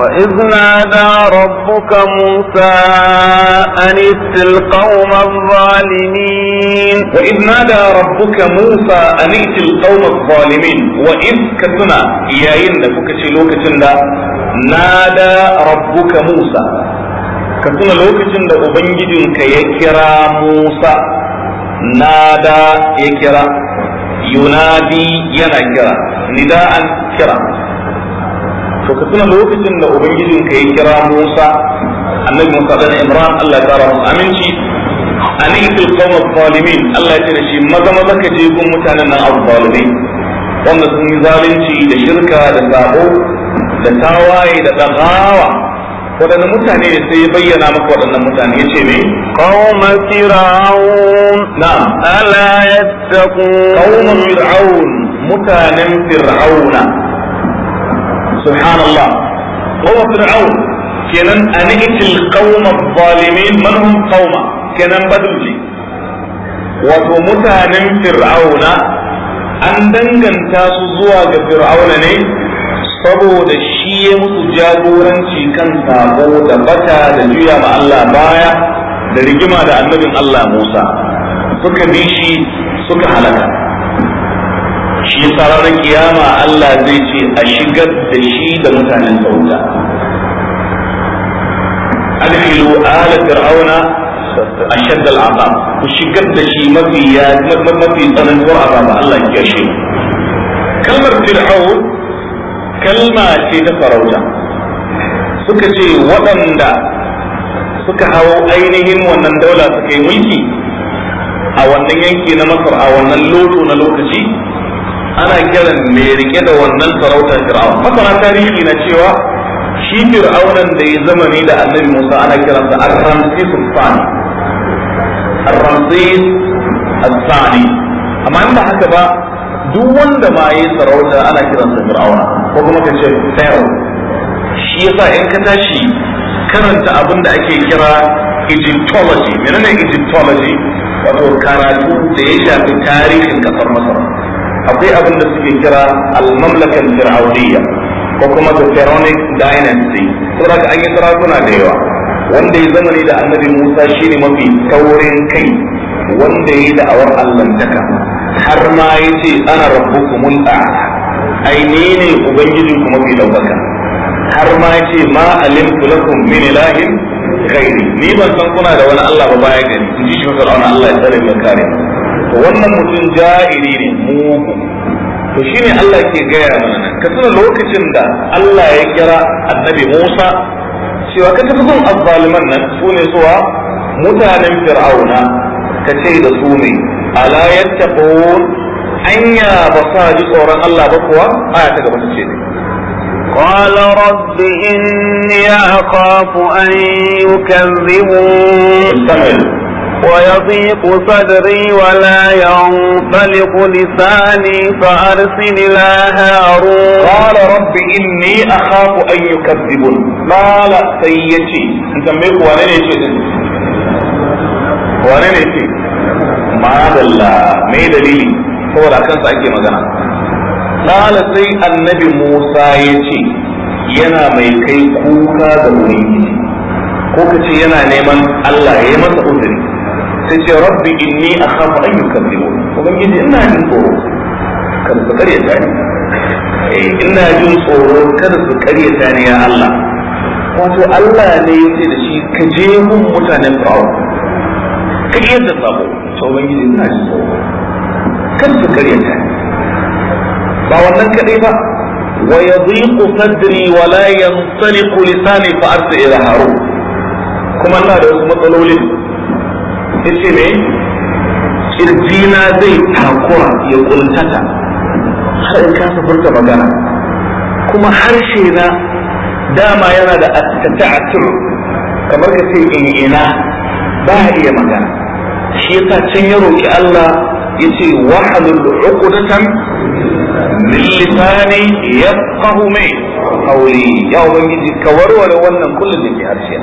وإذ نادى ربك موسى أن ائت القوم الظالمين وإذ نادى ربك موسى أن ائت القوم الظالمين وإذ كتنا يا إن كتلو كتنا نادى ربك موسى كتنا لو كتنا أبنجدك يكرا موسى نادى يكرا ينادي ينكرا نداء كرا to ka tuna lokacin da ubangijin ka yi kira Musa annabi Musa da Imran Allah ya kara masa aminci anin fil qawm zalimin Allah ya ce shi maza maza ka je gun mutanen nan zalimi wanda sun yi zalunci da shirka da sabo da tawaye da dagawa waɗannan mutane ne sai ya bayyana maka waɗannan mutane ya ce ne qawma fir'aun na'am ala yattaqun qawma fir'aun mutanen fir'auna سبحان الله هو فرعون kenan an itil qauma zalimin man hum qauma kenan badulli wato mutanen fir'auna an danganta su zuwa ga fir'auna ne saboda shi ya musu jagoranci kan sabo da bata da juya ma Allah baya da rigima da annabin Allah Musa suka bi shi suka halaka shi ranar kiyama Allah zai ce a shigar da shi da mutanen sauta adkhilu ala fir'auna ashadda al'azab ku shigar da shi mafi mafi ko azaba Allah ya shi kalmar kalma ce ta farauta suka ce waɗanda suka hawo ainihin wannan daula suka yi mulki a wannan yanki na masar a wannan loto na lokaci ana kiran mai rike da wannan sarautar fir'aun masana tarihi na cewa shi fir'aunan da ya zamani da annabi musa ana kiransa ar-ramsis al ar-ramsis amma in ba haka ba duk wanda ma yayi sarauta ana kiransa fir'auna ko kuma ka ce pharaoh shi yasa in ka tashi karanta abin da ake kira Egyptology menene Egyptology wato karatu da ya shafi tarihin kasar Masar akwai abin da suke kira al-mamlakan fir'auniyya ko kuma the pharaonic dynasty saboda an yi sarakuna da yawa wanda ya zamani da annabi Musa shine mafi taurin kai wanda ya yi da'awar allantaka har ma ya ce ana rabbukumul a'la ai ni ne ubangiji kuma mafi daukaka har ma ya ce ma alimtu lakum min ilahin ghairi ni ban san kuna da wani Allah ba baya gani in ji shi Allah ya tsare mu kare to wannan mutum ja'iri ne mugu to shine Allah ke gaya mana ka tuna lokacin da Allah ya kira annabi Musa cewa ka tafi gun azzaliman nan su ne suwa mutanen fir'auna ka ce da su ne ala yattaqun anya ba sa ji tsoron Allah ba kuwa aya ta gaba ta ce ne قال رب إني أخاف أن يكذبون ويضيق صدري ولا ينطلق لساني فأرسل إلى هارون قال رب إني أخاف أن يكذبون قال سيدي أنت ميك وانا نيشي وانا نيشي معاذ الله ما دليل هو لكن سأكي مجانا قال سي النبي موسى يتي yana mai kai kuka da ubangiji ko kace yana neman Allah ya masa uzuri sai ce rabbi inni akhafu an yukadzibu ubangiji ina jin tsoro kada su kare ta ni eh ina jin tsoro kada su kare ta ni ya Allah wato Allah ne ya ce da shi ka je mun mutanen fir'aun ka iya da sabo to ubangiji ina jin tsoro kada su kare ta ni ba wannan kadai ba wa yadhiqu sadri wa la yanṭaliqu lisani fa arsil ila harun kuma ina da wasu matsalolin yace me kirjina zai takura ya kuntata har in kasa furta magana kuma harshe na dama yana da attata'atur kamar ka ce in ina ba iya magana shi yasa can ya roki Allah yace wahalul uqdatan min lisani yafqahu mai qawli ya ubangiji ka warware wannan kullun da ke harshe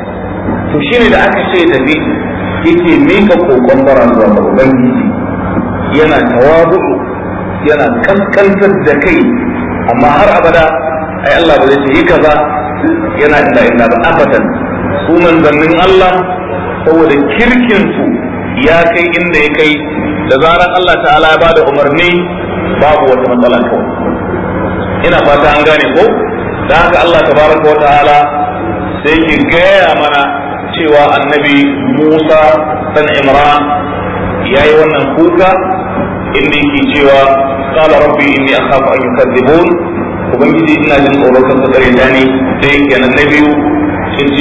to shine da aka ce da bi yake mika kokon bara zuwa ga ubangiji yana tawadu yana kaskantar da kai amma har abada ai Allah ba zai yi kaza yana da illa ba abadan su manzannin Allah saboda kirkin su ya kai inda ya kai da zarar Allah ta'ala ya bada umarni babu wata matsala kawai ina fata an gane ko da haka Allah tabaraka wa ta'ala sai ki gaya mana cewa annabi Musa dan Imran yayi wannan kuka inda yake cewa qala rabbi inni akhafu an yukadzibun ubangiji ina jin tsoron kan tsare da ni sai kenan na biyu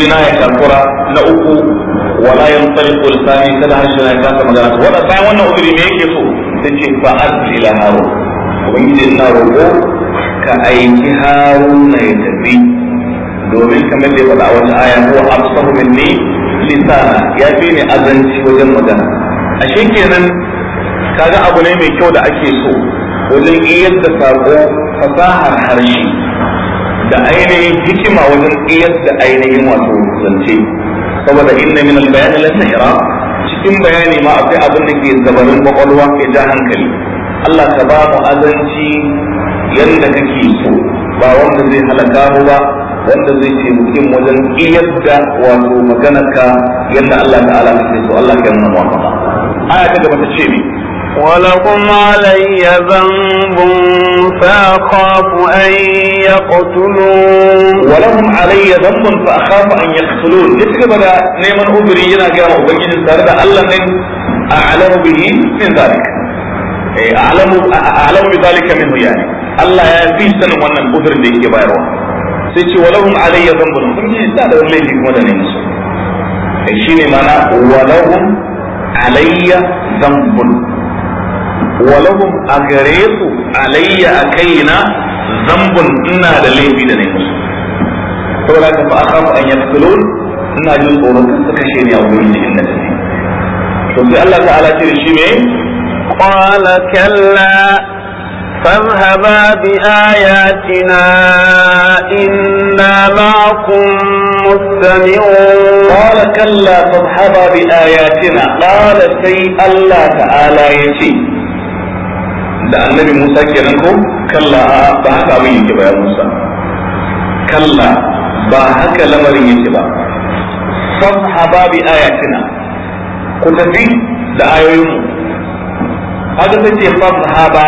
na ya takura na uku wala yantaliqu lisani kada harshen ya ta magana wala bayan wannan uzuri me yake so sai ce fa ila harun ubangiji ina roƙo ka aiki haru na ya tafi domin kamar da faɗa wata aya huwa absahu minni lisana ya fi ni azanci wajen magana ashe kenan kaga abu ne mai kyau da ake so wajen iyar da sako fasahar harshe da ainihin hikima wajen iyar da ainihin wato zance saboda inna min al-bayani la cikin bayani ma akwai abin da ke zabarin kwakwalwa ke ja hankali Allah ka ba mu azanci yadda kake so ba wanda zai halaka mu ba wanda zai ce mutum wajen iyar da wato maganarka yadda Allah ta'ala ya so Allah ya nuna wa aya ta gaba ta ce mi ولكم علي ذنب فأخاف أن يقتلون ولهم علي ذنب فأخاف أن يقتلون يتكلم على نيمان أبري ينا قام أبنجي سارة الله من أعلم به من ذلك أعلم أعلم بذلك منه يعني الله يفيد سنة وأن أبري يجي بايروا sai ce walahum alayya zambun kun ji ina da wani laifi kuma da ne musu kai shine mana walahum alayya zambun walahum a gare su alayya a kaina Zambun ina da laifi da ne musu to saboda ka fa akhafu an yaqtulun ina jin tsoron su kashe ni a wurin inna da ni to sai Allah ta'ala ce shi ne qala kalla فاذهبا بآياتنا إنا معكم مستمعون قال كلا فاذهبا بآياتنا قال سي الله تعالى يتي da annabi Musa kenan ko kalla ba haka abin yake ba ya Musa kalla ba haka lamarin yake ba fadhhaba bi ayatina ku tafi da ayoyinmu haka sai ce fadhhaba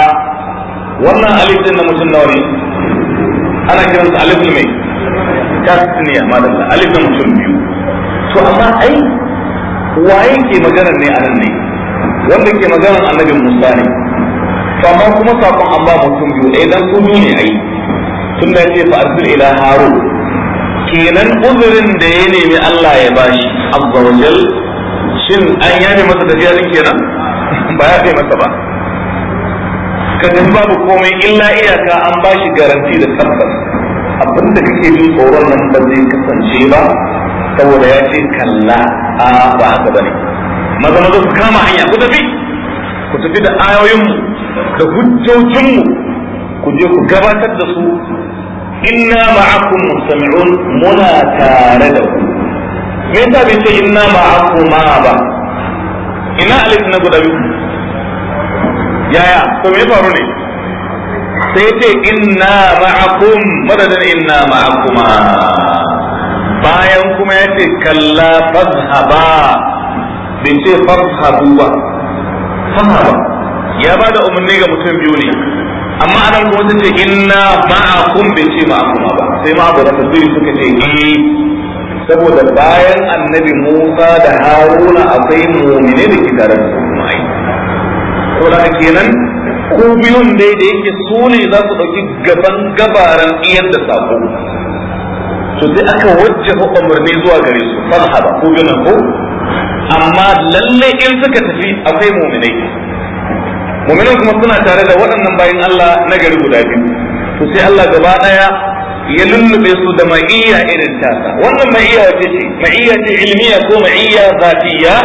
wannan alif din na mutum nawa ne ana kiransa alif mai ma da alif na mutum biyu to amma ai waye ke maganar ne anan ne wanda ke maganar annabi Musa ne to amma kuma sakon an ba mutum biyu ɗaya eh, dan su ne ai tun da ce fa arsil ila harun kenan uzurin da ya nemi Allah ya bashi azza wajal shin an yabe masa da din kenan <laughs> ba ya masa ba ka babu komai illa iyaka an ba shi garanti da tabbas abin da kake jin tsoron nan ba zai kasance ba saboda ya ce kalla a ba haka bane maza maza su kama hanya ku tafi ku tafi da ayoyinmu da hujjojinmu, ku je ku gabatar da su inna ma'akum mustami'un muna tare da ku me yasa bai ce inna ma ba ina alif na guda biyu yaya to me faru ne sai ce inna ma'akum madadin inna ma'akuma bayan kuma ya ce kalla fadhaba bin ce fadhabu ba fadhaba ya ba da umarni ga mutum biyu ne amma anan kuma sun ce inna ma'akum bin ce ma'akuma ba sai ma ba da tasiri suka ce eh saboda bayan annabi Musa da Haruna akwai mumini da ke su saboda kenan ku biyun dai da yake su ne za su ɗauki gaban gabaran iyan da sako to sai aka wajjaha umarni zuwa gare su farhaba ku biyun ko amma lalle in suka tafi akwai muminai muminai kuma suna tare da waɗannan bayan Allah na gari guda biyu to sai Allah gaba daya ya lullube su da ma'iyya irin tasa wannan ma'iyya wace ce ma'iyya ce ilmiya ko ma'iyya zatiya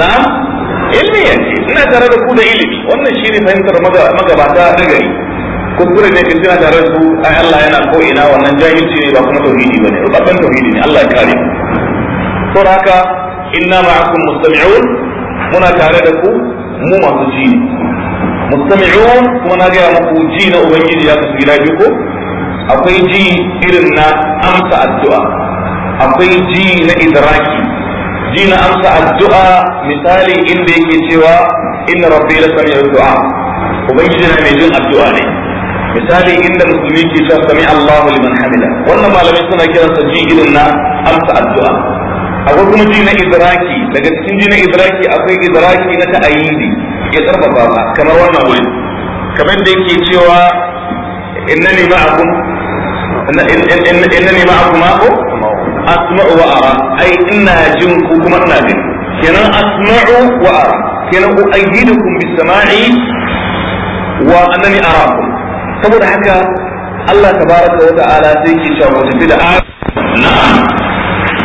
na'am ilmi ce ina tare da ku da ilimi wannan shi ne fahimtar magabata na gari kuskure ne kin tana tare da ku ai Allah yana ko ina wannan jahilci ne ba kuma tauhidi bane kan tauhidi ne Allah ya kare to haka inna ma'akum mustami'un muna tare da ku mu masu ji mustami'un kuma na ga muku ji na ubangiji ya kasu gida ko akwai ji irin na amsa addu'a akwai ji na idraki ji amsa addu'a misali inda yake cewa inna rabbi la sami'u du'a ubangiji na mai jin addu'a ne misali inda musulmi ke cewa sami Allahu liman hamida wannan malamai suna kiransa ji irin na amsa addu'a akwai kuma ji na idraki daga cikin ji na idraki akwai idraki na ta'ayyidi ya sarfafa ba kamar wannan wuri kamar da yake cewa innani ma'akum innani ma'akum ma'akum أسمع وأرى أي إنها جنك كمان نادم كنا أسمع وأرى كنا أؤيدكم بالسماع وأنني أراكم فقد حكى الله تبارك وتعالى سيك شعور في الآن نعم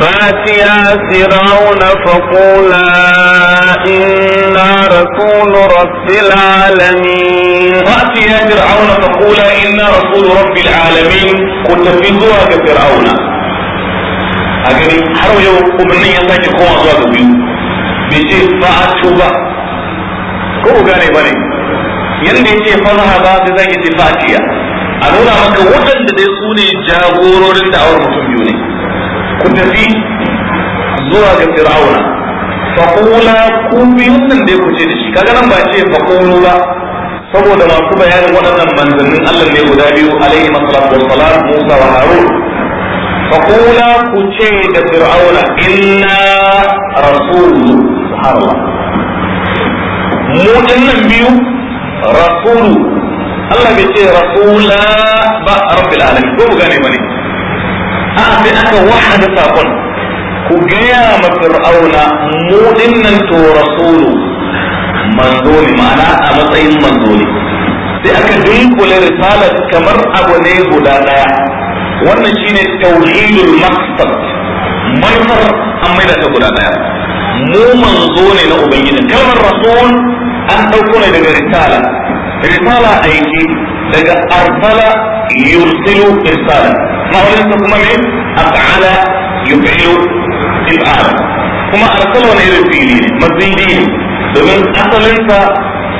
فاتيا فرعون فقولا إنا رسول رب العالمين فاتيا فرعون فقولا إنا رسول رب العالمين قلت في فرعون a gani har yau umarnin ya sake kowa zuwa ga biyu bai ce ba a ba ko ku gane ba ne yadda ya ce fasaha ba sai zan yi fatiya a nuna maka waɗanda dai su ne jagororin awar mutum biyu ne ku tafi zuwa ga fir'auna fakula ku biyun nan dai ku ce da shi kaga nan ba ce fakulu ba saboda masu bayanin waɗannan manzannin Allah ne guda biyu alaihi masalatu wassalam Musa wa Harun فقولا كتشي دا فرعون إنا رسول سبحان biyu rasulu Allah bai ce rasula ba rabbil alamin ko gane ba ne a sai aka wahada sakon ku gaya ma fir'auna mu nan to rasulu manzo ma'ana a matsayin manzoni. sai aka dunkule risalar kamar abu guda ɗaya. wannan shine tauhidul maqsad manufar an maida ta guda daya mu manzo ne na ubangiji kalmar rasul an dauko ne daga risala risala aiki daga arsala yursilu irsala hawalin kuma me af'ala yuf'ilu if'ala kuma arsala ne fili ne mazidi ne domin asalinsa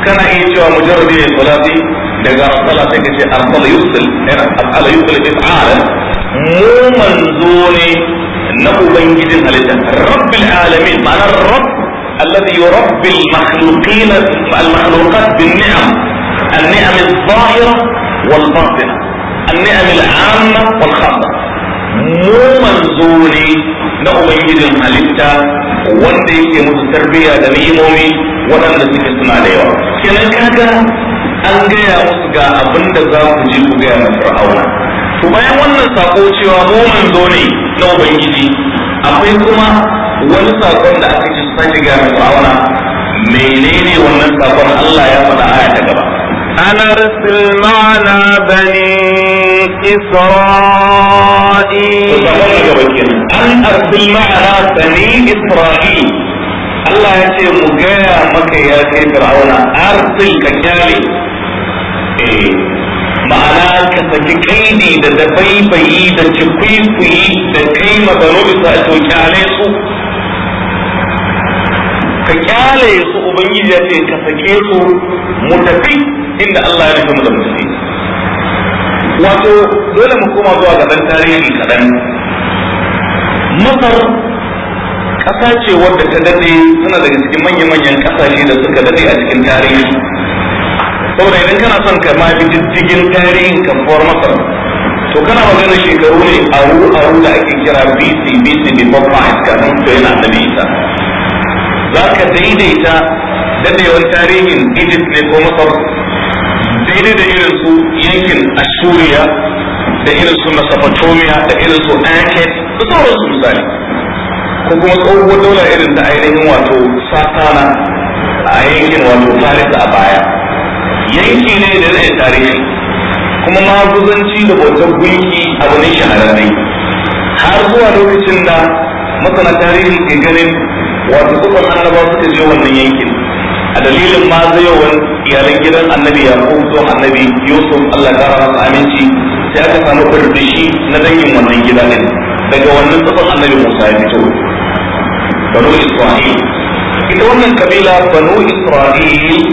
kana iya cewa mujarrabi ne salati daga arsala sai ka ce arsala yusul yana arsala yusul if'ala mu manzo ne na ubangijin halitta rabbil alamin ma'anar rabb alladhi yurabbi al-makhluqina al-makhluqat bin-ni'am an-ni'am adh-dhahira wal-batina an-ni'am al-'amma wal-khassa mu manzo ne na ubangijin halitta wanda yake musu tarbiyya da ni'imomi waɗanda suke suna da yawa kenan kaga an gaya musu ga abin da za ku je ku gaya na fir'auna to bayan wannan sako cewa mu zo ne na ubangiji akwai kuma wani sakon da aka ji sake gaya na fir'auna menene wannan sakon Allah ya faɗa aya ta gaba أنا أرسل معنا بني إسرائيل أن أرسل معنا بني إسرائيل Allah ya ce mu gaya maka ya kai Fir'auna arsil ka kyale ma'ana ka saki ne da dabaibayi da cikwikwiyi da kai mabarobisa to kyale su ka kyale su ubangiji ya ce ka sake su mu inda Allah ya rufe mu da mutafi wato dole mu koma zuwa gaban tarihi kaɗan masar ƙasa ce wadda ta daɗe suna daga cikin manya-manyan ƙasashe da suka daɗe a cikin tarihi saboda idan kana son ka ma bi diddigin tarihin kamfuwar masar to kana magana shekaru ne a ru a ru da ake kira bc bc before christ sun to yana annabi isa za ka daidaita dadewar tarihin egypt ne ko masar daidai da irin su yankin ashuriya da irin su mesopotamia da irin su anket da su misali ko kuma tsohuwar daular irin da ainihin wato satana a yankin wato faris a baya yanki ne da zai tarihi kuma guzanci da bautar gunki abu ne shahararre har zuwa lokacin da masana tarihin ke ganin wato sukan annaba suka je wannan yankin a dalilin ma zayowan iyalan gidan annabi ya yaqub zuwa annabi yusuf Allah ya masa aminci sai aka samu burbushi na dangin wannan gida din daga wannan tsakon annabi musa ya fito baro isra'il ita wannan kabila banu isra'il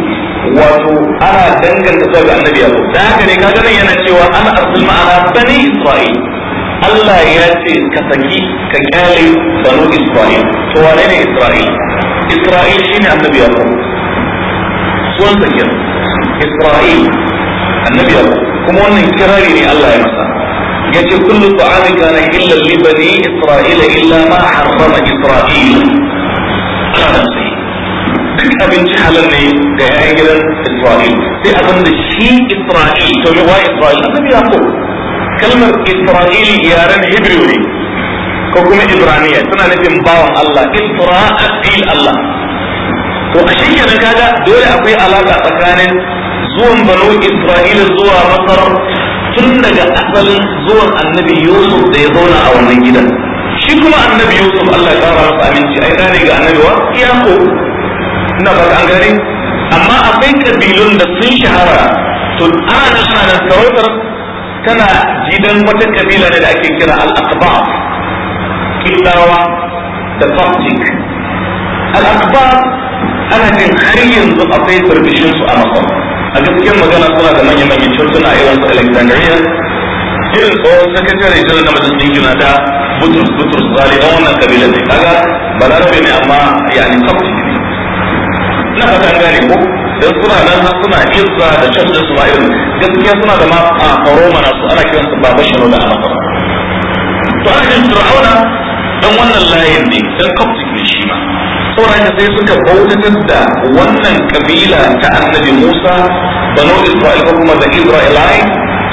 wato ana danganta zuwa ga annabi yazo da haka ne kaga nan yana cewa ana asul ma'ana bani isra'il Allah ya ce ka saki ka kyale banu isra'il to wane ne isra'il isra'il shine annabi yazo suwan sakin isra'il annabi yazo kuma wannan kirari ne Allah ya masa yace kullu ta'ami kana illa li bani isra'ila illa ma harrama isra'il ana duk abinci halal ne ga yayan gidan Isra'il sai abin da shi Isra'il to ne wa Isra'il annabi ko. kalmar Isra'il yaren Hebrew ne ko kuma Ibraniya suna nufin bawan Allah Isra'il Allah to a shi kaga dole akwai alaka tsakanin zuwan banu Isra'il zuwa Masar tun daga asalin zuwan annabi Yusuf da ya zauna a wannan gidan shi kuma annabi Yusuf Allah ya kara masa aminci ai ne ga annabi wa Yaqub ina ba an gane amma akwai kabilun da sun shahara to ana nan ana nan tana jidan wata kabila ne da ake kira al-aqba kilawa da fasik al-aqba ana jin har yanzu akwai turbishin su a masar a gaskiyar magana suna da manya-manyan cocina a yawan su alexandria irin tsohon sakatare jiran na majalisar ɗinkin da butrus butrus zali ɗan wannan kabilar ne kaga balarabe ne amma yani fasik na fata an gane ko dan suna nan suna kissa da canza su ma'il gaskiya suna da ma a faroma na su ana kiran su baba shano da alaka to ana jin fir'auna dan wannan layin ne dan koptik ne shi ma saboda sai suka bautatar da wannan kabila ta annabi Musa banu Isra'il ko kuma da Isra'ilai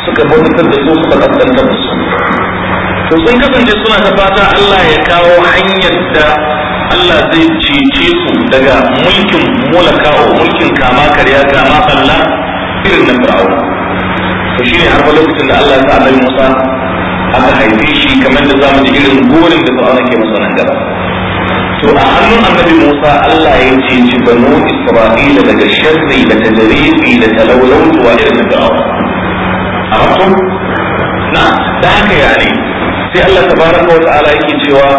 suka bautatar da su suka kaskantar da su to sun kasance suna ta fata Allah ya kawo hanyar da Allah zai cece su daga mulkin mulakawa mulkin kama karya kama Allah irin na fir'auna to shine har lokacin da Allah ya sa Annabi Musa aka haife shi kamar da zamu ji irin gorin da fir'auna ke masa nan gaba to a hannun Annabi Musa Allah ya cece banu Isra'ila daga sharri da tajribi da talawlawtuwa irin na fir'auna a na da haka yare sai Allah tabaraka wa ta'ala yake cewa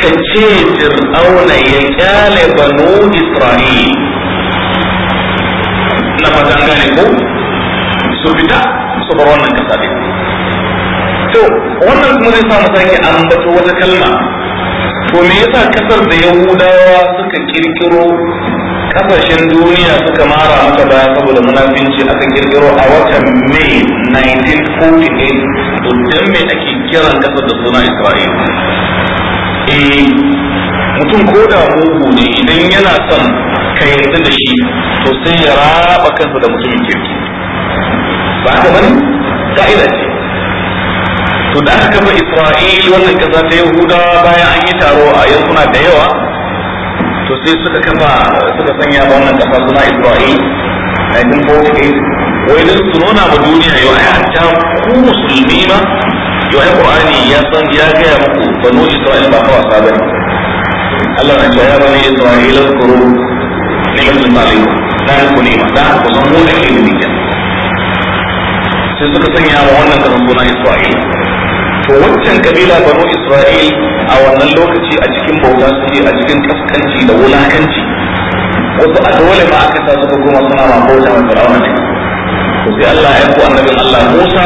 ka ce fir'auna ya kyale banu isra'il na fatan gane ko su fita su bar wannan kasa din to wannan kuma zai samu sake ambato wata kalma to me yasa kasar da yahudawa suka kirkiro kasashen duniya suka mara maka baya saboda munafinci aka kirkiro a watan may 1948 to dan me ake kiran kasar da suna isra'il mutum ko da mugu ne idan yana son ka yarda da shi to sai ya raba kansa da mutumin kirki ba haka bane ka'ida ce to da aka kafa Isra'il wannan kasa ta Yahuda bayan an yi taro a yankuna da yawa to sai suka kafa suka sanya ba wannan kasa suna Isra'il 1948 wai don su nuna ba duniya yau yi hatta ku musulmi ma yau ai qur'ani ya san ya ya muku banu isra'il ba kawai sabai Allah na ce ya bani isra'il zkuru ni'matul malik na ku ni'ma da ku san mu da ilimi sai suka sanya wa wannan kasan suna isra'il to wancan kabila banu isra'il a wannan lokaci a cikin bauta suke a cikin kaskanci da wulakanci wasu a dole ma aka sa suka kuma suna ma bauta ma fir'auna ne sai Allah ya ku annabin Allah Musa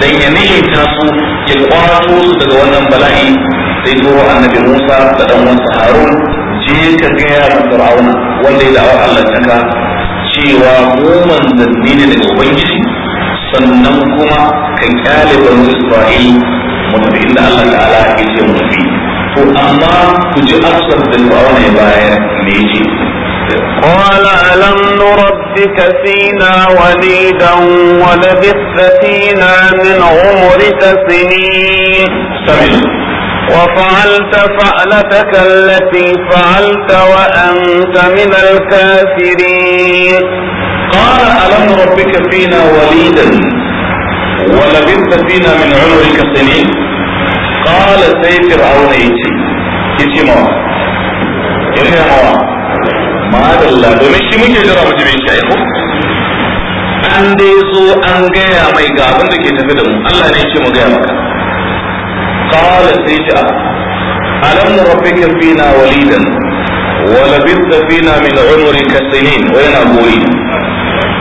dan ya nishinta su ya kwato su daga wannan bala'i sai zo annabi Musa da dan uwansa Harun je ka gaya wa Fir'auna wanda ya da'awar Allah taka cewa mu manzanni ne daga Ubangiji sannan kuma ka kyale banu Isra'il mu tafi inda Allah ta'ala ya ce mu tafi to amma ku ji asar da Fir'auna ya bayar me yake قال ألم نربك فينا وليدا ولبثت فينا من عمرك سنين وفعلت فعلتك التي فعلت وأنت من الكافرين قال ألم نربك فينا وليدا ولبثت فينا من عمرك سنين قال سيد فرعون يجي يجي موا يجي madalla domin shi muke jira mu ji me shi aiko an dai zo an gaya mai ga abin da ke tafi da mu Allah ne yake mu gaya maka qala sai ji alam rabbika fina walidan wa labithta fina min umrika sinin wa yana goyi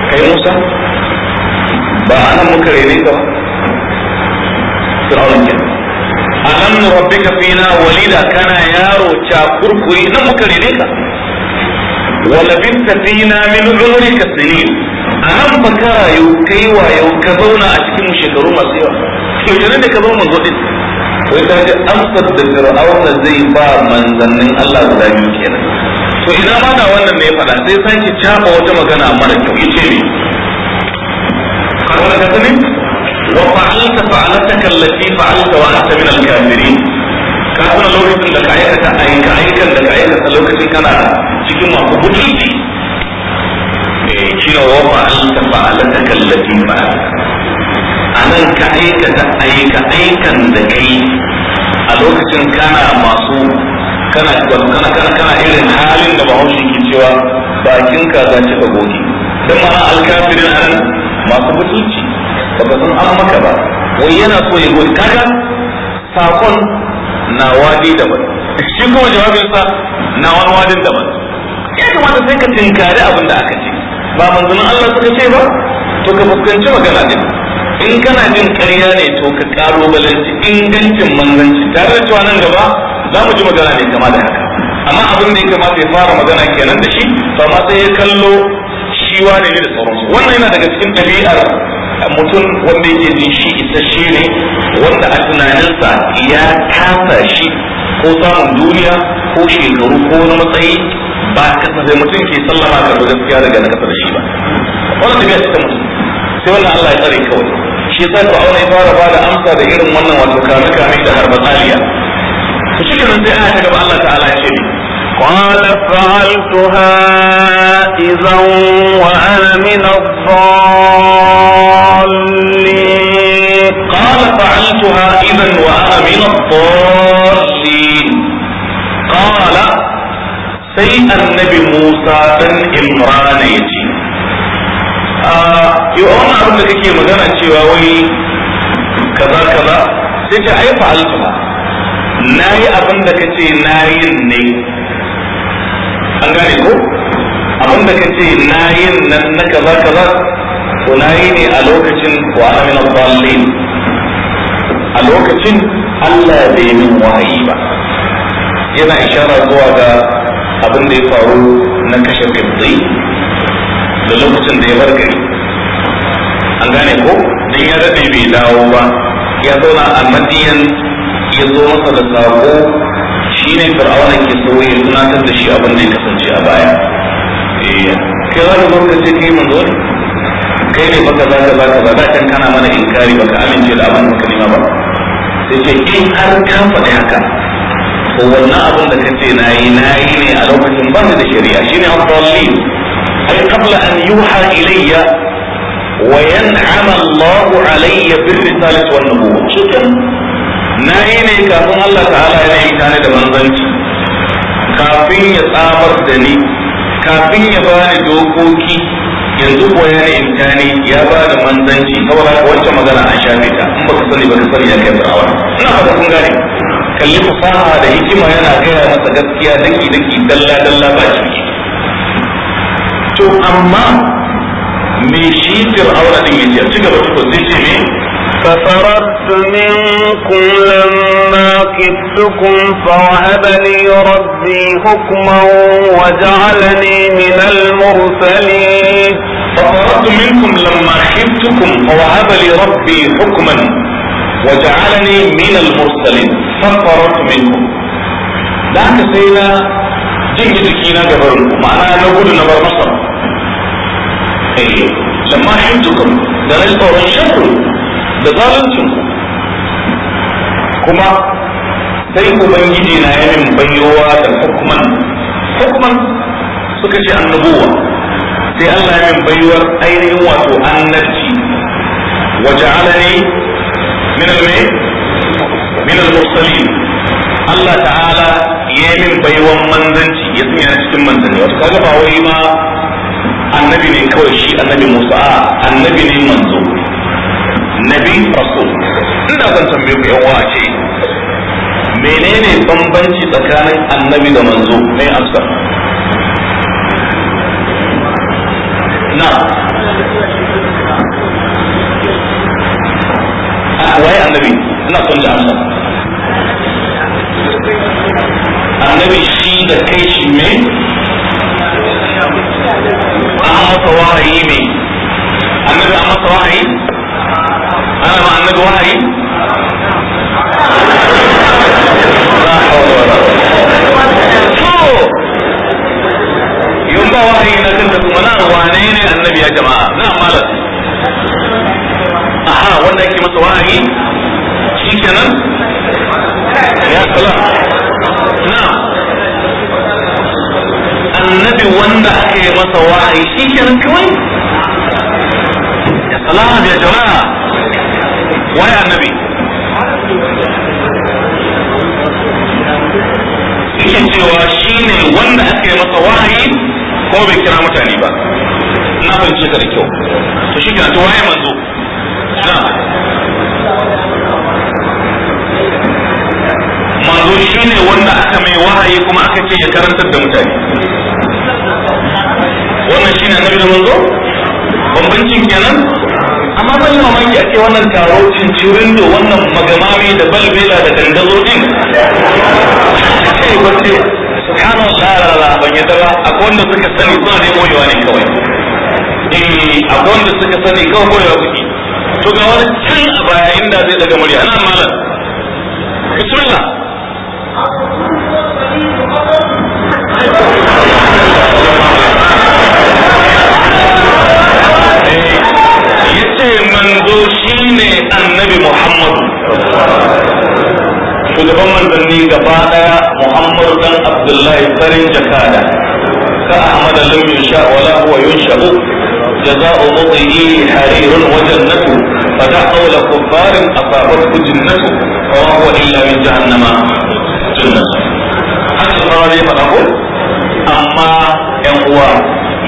kai Musa ba anan muka rene ka ba fir'aun kenan alam rabbika fina walida kana yaro ta kurkuri nan muka rene ka wala binta fina min umrika sinin anan fa ka rayu kai wayo ka zauna a cikin mu shekaru masu yawa to idan da ka zama manzo fir'auna zai ba manzannin Allah guda biyu kenan to ina ma da wannan ne faɗa sai sake caba wata magana mara kyau yace ne karwala ka ne wa fa'alta fa'alataka allati fa'alta wa anta min al-kafirin ka kuma lokacin da ka aikata aika aikan da ka aikata lokacin kana cikin masu mutunci ya eh, ne wa fa'alta fa'alata kallafi ba a nan ka aikata aika aikan da kai a lokacin kana masu kana kana kana kana irin halin da bahaushe ke cewa bakin ka za cika goge dan mana alkafirin an masu mutunci baka san an maka ba wai yana so ya goge kaga sakon na wadi daban shi kuma jawabinsa na wani wadin daban ya kamata sai ka tinkari abin da aka ce ba manzon Allah suka ce ba to ka fuskanci magana ne in kana jin ƙarya ne to ka balanci ingancin manzanci tare da cewa nan gaba za mu ji magana ne kama da haka amma abin da ya kamata ya fara magana kenan da shi to amma sai ya kallo shi wane ne da sauransu wannan yana daga cikin ɗabi'ar mutum wanda yake jin shi isa shi ne wanda a tunaninsa ya kasa shi ko samun duniya ko shekaru ko wani matsayi ba kasafai mutum ke sallama ka ba gaskiya daga na kasa da shi ba wannan tafiya ta mutum sai wannan Allah ya tsare kawai shi yasa ku auna ya fara ba da amsa da irin wannan wato kame kame da har matsaliya to shi kenan sai aya ta gaba Allah ta'ala ya ce قال فعلتها إذا وأنا من الضالين فقلتها اذا وانا من الضالين قال سيء النبي موسى بن عمران يجي آه يوم عبد الملك مثلا شواوي كذا كذا سيجا اي فعلتها ناي ابن دكتي ناي ني الغالي هو ابن دكتي ناي نن كذا كذا ونايني الوكتين وانا من الضالين a lokacin Allah bai min wahayi ba yana ishara zuwa ga abin da ya faru na kashe kibdi da lokacin da ya bar gari an gane ko dan ya daɗe bai dawo ba ya zauna a madiyan ya zo masa da sako ne fir'auna ke so ya tunatar da shi abin da ya kasance a baya eh, kai za ka zo ka ce kai manzo kai ne baka za ka za ka ba ka kana mana inkari baka amince da abin da ka nema ba yace in har ka faɗi haka to wannan abin da kace nayi nayi ne a lokacin ba da shari'a shine ad-dallin ai qabla an yuha ilayya wa yan'ama Allahu alayya bir risalati wan nubuwwa shikan nayi ne kafin Allah ta'ala ya yi tare da manzanci kafin ya tsamar da ni kafin ya bani dokoki yanzu ko ya ne imkani ya ba da manzanci saboda haka wancan magana a shafe ta in ka sani ba ka sani ya kai fir'awa ina ba kun gane kalli fara da hikima yana gaya masa gaskiya daki daki dalla dalla ba ciki to amma me shi fir'auna din yace ci gaba ko zai ce me ففررت منكم لما كدتكم فوهب لي ربي حكما وجعلني من المرسلين ففررت منكم لما خفتكم فوهب لي ربي حكما وجعلني من المرسلين ففررت منكم ذاك سينا جنج جكينا قبرنكم أنا نقول نبر مصر أيه لما خفتكم درجة رجعكم da zaluncin kuma sai ubangiji na yi min bayyowa da hukuman. Hukuman suka ce annabuwa sai Allah ya min baiwar ainihin wato annabci Waje ja'alani min al min al-mursalin Allah ta'ala ya yi min baiwan manzanci ya sanya cikin manzanni wato kaga ba wai ma annabi ne kawai shi annabi Musa annabi ne manzo nabi rasul ina zan tambaye ku yan uwa ce menene bambanci tsakanin annabi da manzo mai amsa na ah, waye annabi ina son da amsa annabi shi da kai shi me an masa wahayi ne annabi an masa wahayi انا مع النجوى لا حول ولا قوه يوم بقى وانين النبي يا جماعه نعم مالك اها وانا كي مت شي كان يا سلام نعم. النبي وانا كي مت شي كان كويس يا سلام يا جماعه wani annabi yake cewa shi ne wanda aka yi masa wahayi ko bai kira mutane ba na fahimce ka da kyau to shi kenan to waye manzo na manzo ne wanda aka mai wahayi kuma aka ce ya karantar da mutane wannan ne annabi da manzo bambancin kenan amma ban yi mamaki a ce wannan taro cincirin da wannan magamami da balbela da dandazo din sai wace subhanallah la la ban yi dara akwai wanda suka sani suna ne moyewa wani kawai eh akwai wanda suka sani kawai ya kuɗi, to ga wani can a baya inda zai daga murya ana malam bismillah annabi muhammadu shugaban manzanni gaba daya muhammadu dan abdullahi farin jakada ka ahmad lam yunsha wala huwa yunshabu jaza'u mudhihi harirun wa jannatu fada'u la kuffarin asabathu jannatu fa huwa illa min jahannama jannatu haka fara ne fada ko amma yan uwa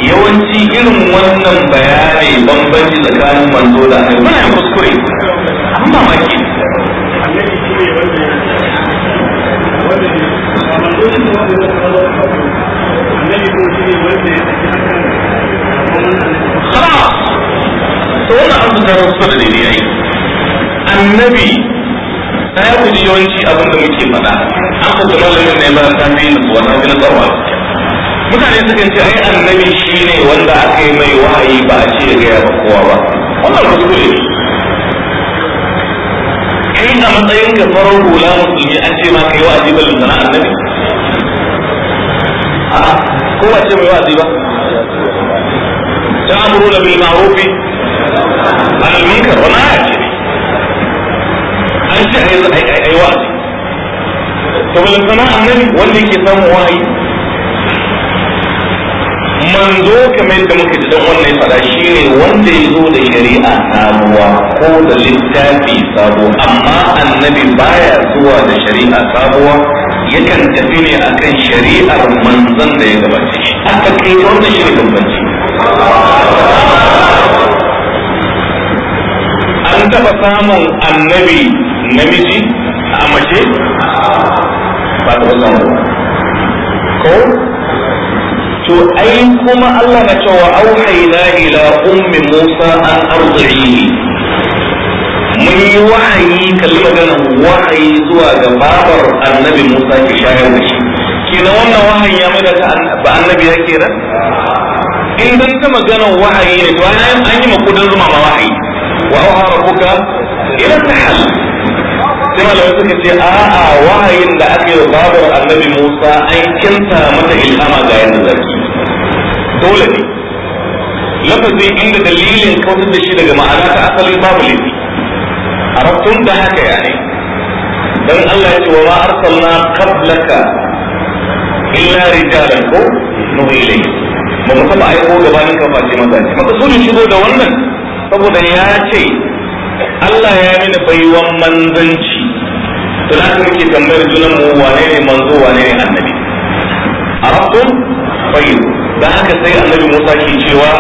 yawanci irin wannan bayani bambanci tsakanin manzo da annabi muna kuskure abin mamaki خلاص wannan da rasu da ne yayi annabi ta yi wuce yawanci abin da muke faɗa an kuka malamin ne ba ta fi nasu wannan wani tsarwa mutane sukan ce ai annabi shine wanda aka yi mai wahayi ba a ce ya gaya ba kowa ba wannan kuskure ne kai matsayin ka farar hula musulmi an ce ma kai wa'azi ba lantana annabi ko ba ce mai wa'azi ba da bil ma'ruf an al munkar wa na'a ce an ce ai ai wa'azi to lantana annabi wanda yake samu wa'ayi manzo kamar yadda muka ji dan wannan fada ne wanda ya zo da shari'a sabuwa ko da littafi sabo amma annabi baya zuwa da shari'a sabuwa yakan tafi ne akan shari'ar manzan da ya gabace shi haka kai shi ne bambanci an taba samun annabi namiji a mace ba taɓa samu ko to ai kuma Allah na cewa auhayna ila ummi Musa an arzihi mun yi wahayi kalli magana wahayi zuwa ga babar annabi Musa ke shayar da shi kenan wannan wahayi ya mai da ba annabi ya kera in dan ta magana wahayi ne to an yi makudan zuma ma wahayi wa auha rabbuka ila tahal sai malamai suka ce a'a wahayin da aka yi babar annabi Musa an kinta mata ilhama ga yanda zaki dole ne lafazi inda dalilin kautar da shi daga ma'ana ta asali babu laifi a rattun da haka ya ne dan Allah ya ce wa ma arsalna qablaka illa rijalan ko nuhi ilayhi ba mu taba aiko gabanin ka face mazaje maka so ne shigo da wannan saboda ya ce Allah ya mini baiwan manzanci to na ke tambayar junan mu wane ne manzo wane ne annabi arabtum tayyib da haka sai annabi Musa ke cewa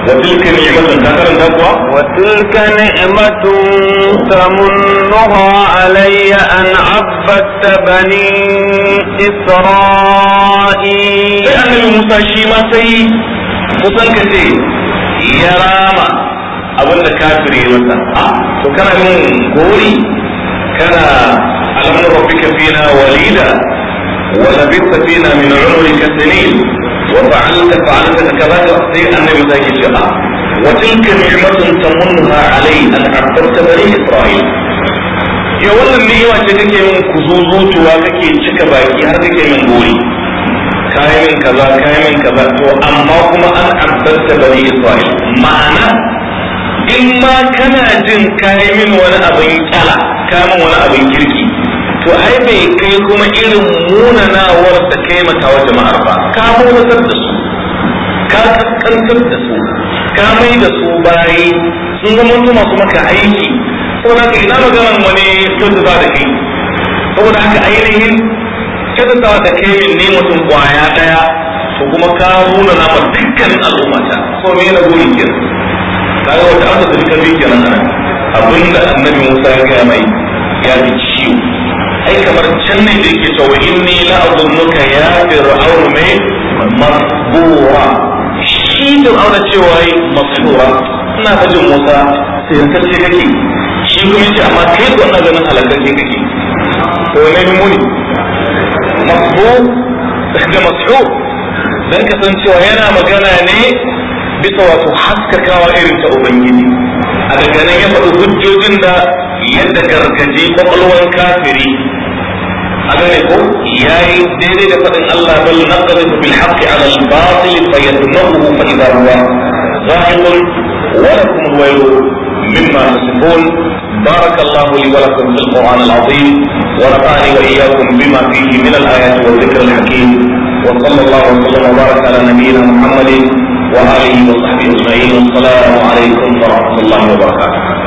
وتلك نعمة ذكر وتلك نعمة تمنها علي أن عبدت بني إسرائيل لأن موسى شيما سي kusan ka ce ya rama abin da kafiri masa a ah, to kana min gori kana alhamdu rabbika walida ولبثت فينا من عمرك سنين وفعلت فعلتك كذا في ان يزاك الشهر وتلك نعمة تمنها علي ان اعتقت بني اسرائيل يا ولد مي واتيك من كزوزو تواتك يتشكى باكي هذيك من بوري كايمن كذا كايمن كذا تو اما ان اعتقت بني اسرائيل معنى إما كان جن كايمن ولا ابن كلا كان ولا ابن كيركي to ai bai kai kuma irin munanawar da kai mata wa jama'ar ba ka munatar da su ka kankantar da su ka mai da su bayi sun zama kuma kuma ka aiki saboda haka ina maganar wani kyautata da kai saboda haka ainihin kyautata da kai min ne mutum kwaya daya to kuma ka nuna nama dukkanin al'umma ta so me yana gori ka ga wata aka da kake kenan abinda annabi Musa ya kai mai ya bi ciwo ai kamar can ne da ta, wa inni la azunnuka ya fir'aun mai mabura shi da auna cewa yi mabura ina ga jin Musa sai yanka ce kake shi kuma yace amma kai ko ina ganin halakakin kake to ne mu ne mabura da mabura dan cewa yana magana ne bisa wato haskakawa irin ta ubangiji a daga nan ya faɗi hujjojin da yadda gargaje kwakwalwar kafiri gane يا yayi لفضل الله بل Allah بالحق على الباطل haqqi فإذا هو ظاهر ولكم الويل مما idha بارك الله لي ولكم في القرآن العظيم ونفعني وإياكم بما فيه من الآيات والذكر الحكيم وصلى الله وسلم وبارك على نبينا محمد وآله وصحبه أجمعين والسلام عليكم ورحمة الله وبركاته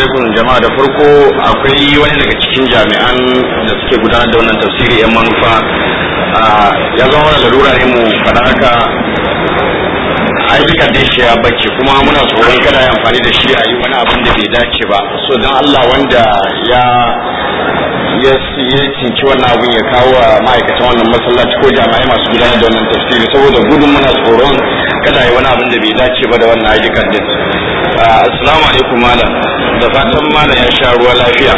alaikum jama'a da farko akwai wani daga cikin jami'an da suke gudanar da wannan tafsiri yan manufa ya zama wani larura ne mu faɗa haka aiki duka shi ya bace kuma muna tsoron kada ya amfani da shi a yi wani abin da bai dace ba so don Allah wanda ya ya cinci wannan abin ya kawo a ma'aikatan wannan masallaci ko jami'ai masu gudanar da wannan tafsiri saboda gudun muna tsoron kada ya wani abin da bai dace ba da wannan ayyukan din Ah, assalamu alaikum malam da fatan malam ya sha ruwa lafiya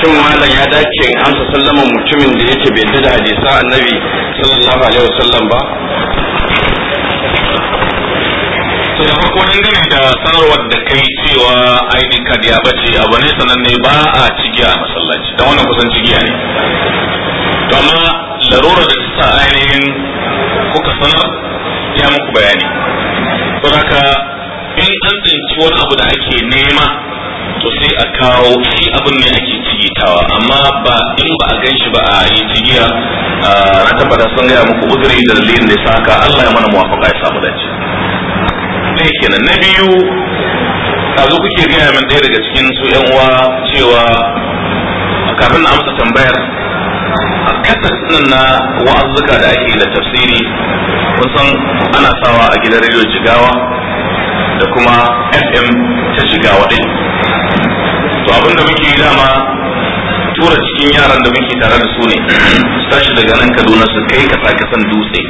shin malam ya dace an amsa sallama mutumin da yake bai da hadisa annabi sallallahu alaihi wasallam ba Sai da farko da sanarwar da kai cewa ainihin kad ya bace abu ne sananne ba a cigiya a masallaci dan wannan kusan cigiya ne to amma larura da sa ainihin kuka sanar ya muku bayani saboda in an tsinci wani abu da ake nema to sai a kawo shi abin ne ake cigitawa amma ba in ba a gan shi ba a yi cigiya na tabbata sun gaya muku uzuri da dalilin da saka Allah ya mana muwafaka ya samu dace ɗaya kenan na biyu zo kuke gaya min ɗaya daga cikin su yan uwa cewa kafin na amsa tambayar a kasar sunan na wa'azzuka da ake da tafsiri kun san ana sawa a gidan rediyo jigawa da kuma fm ta shiga waɗin to abinda muke yi dama tura cikin yaran da muke tare da su ne su daga nan kaduna su kai kasa kasan dutse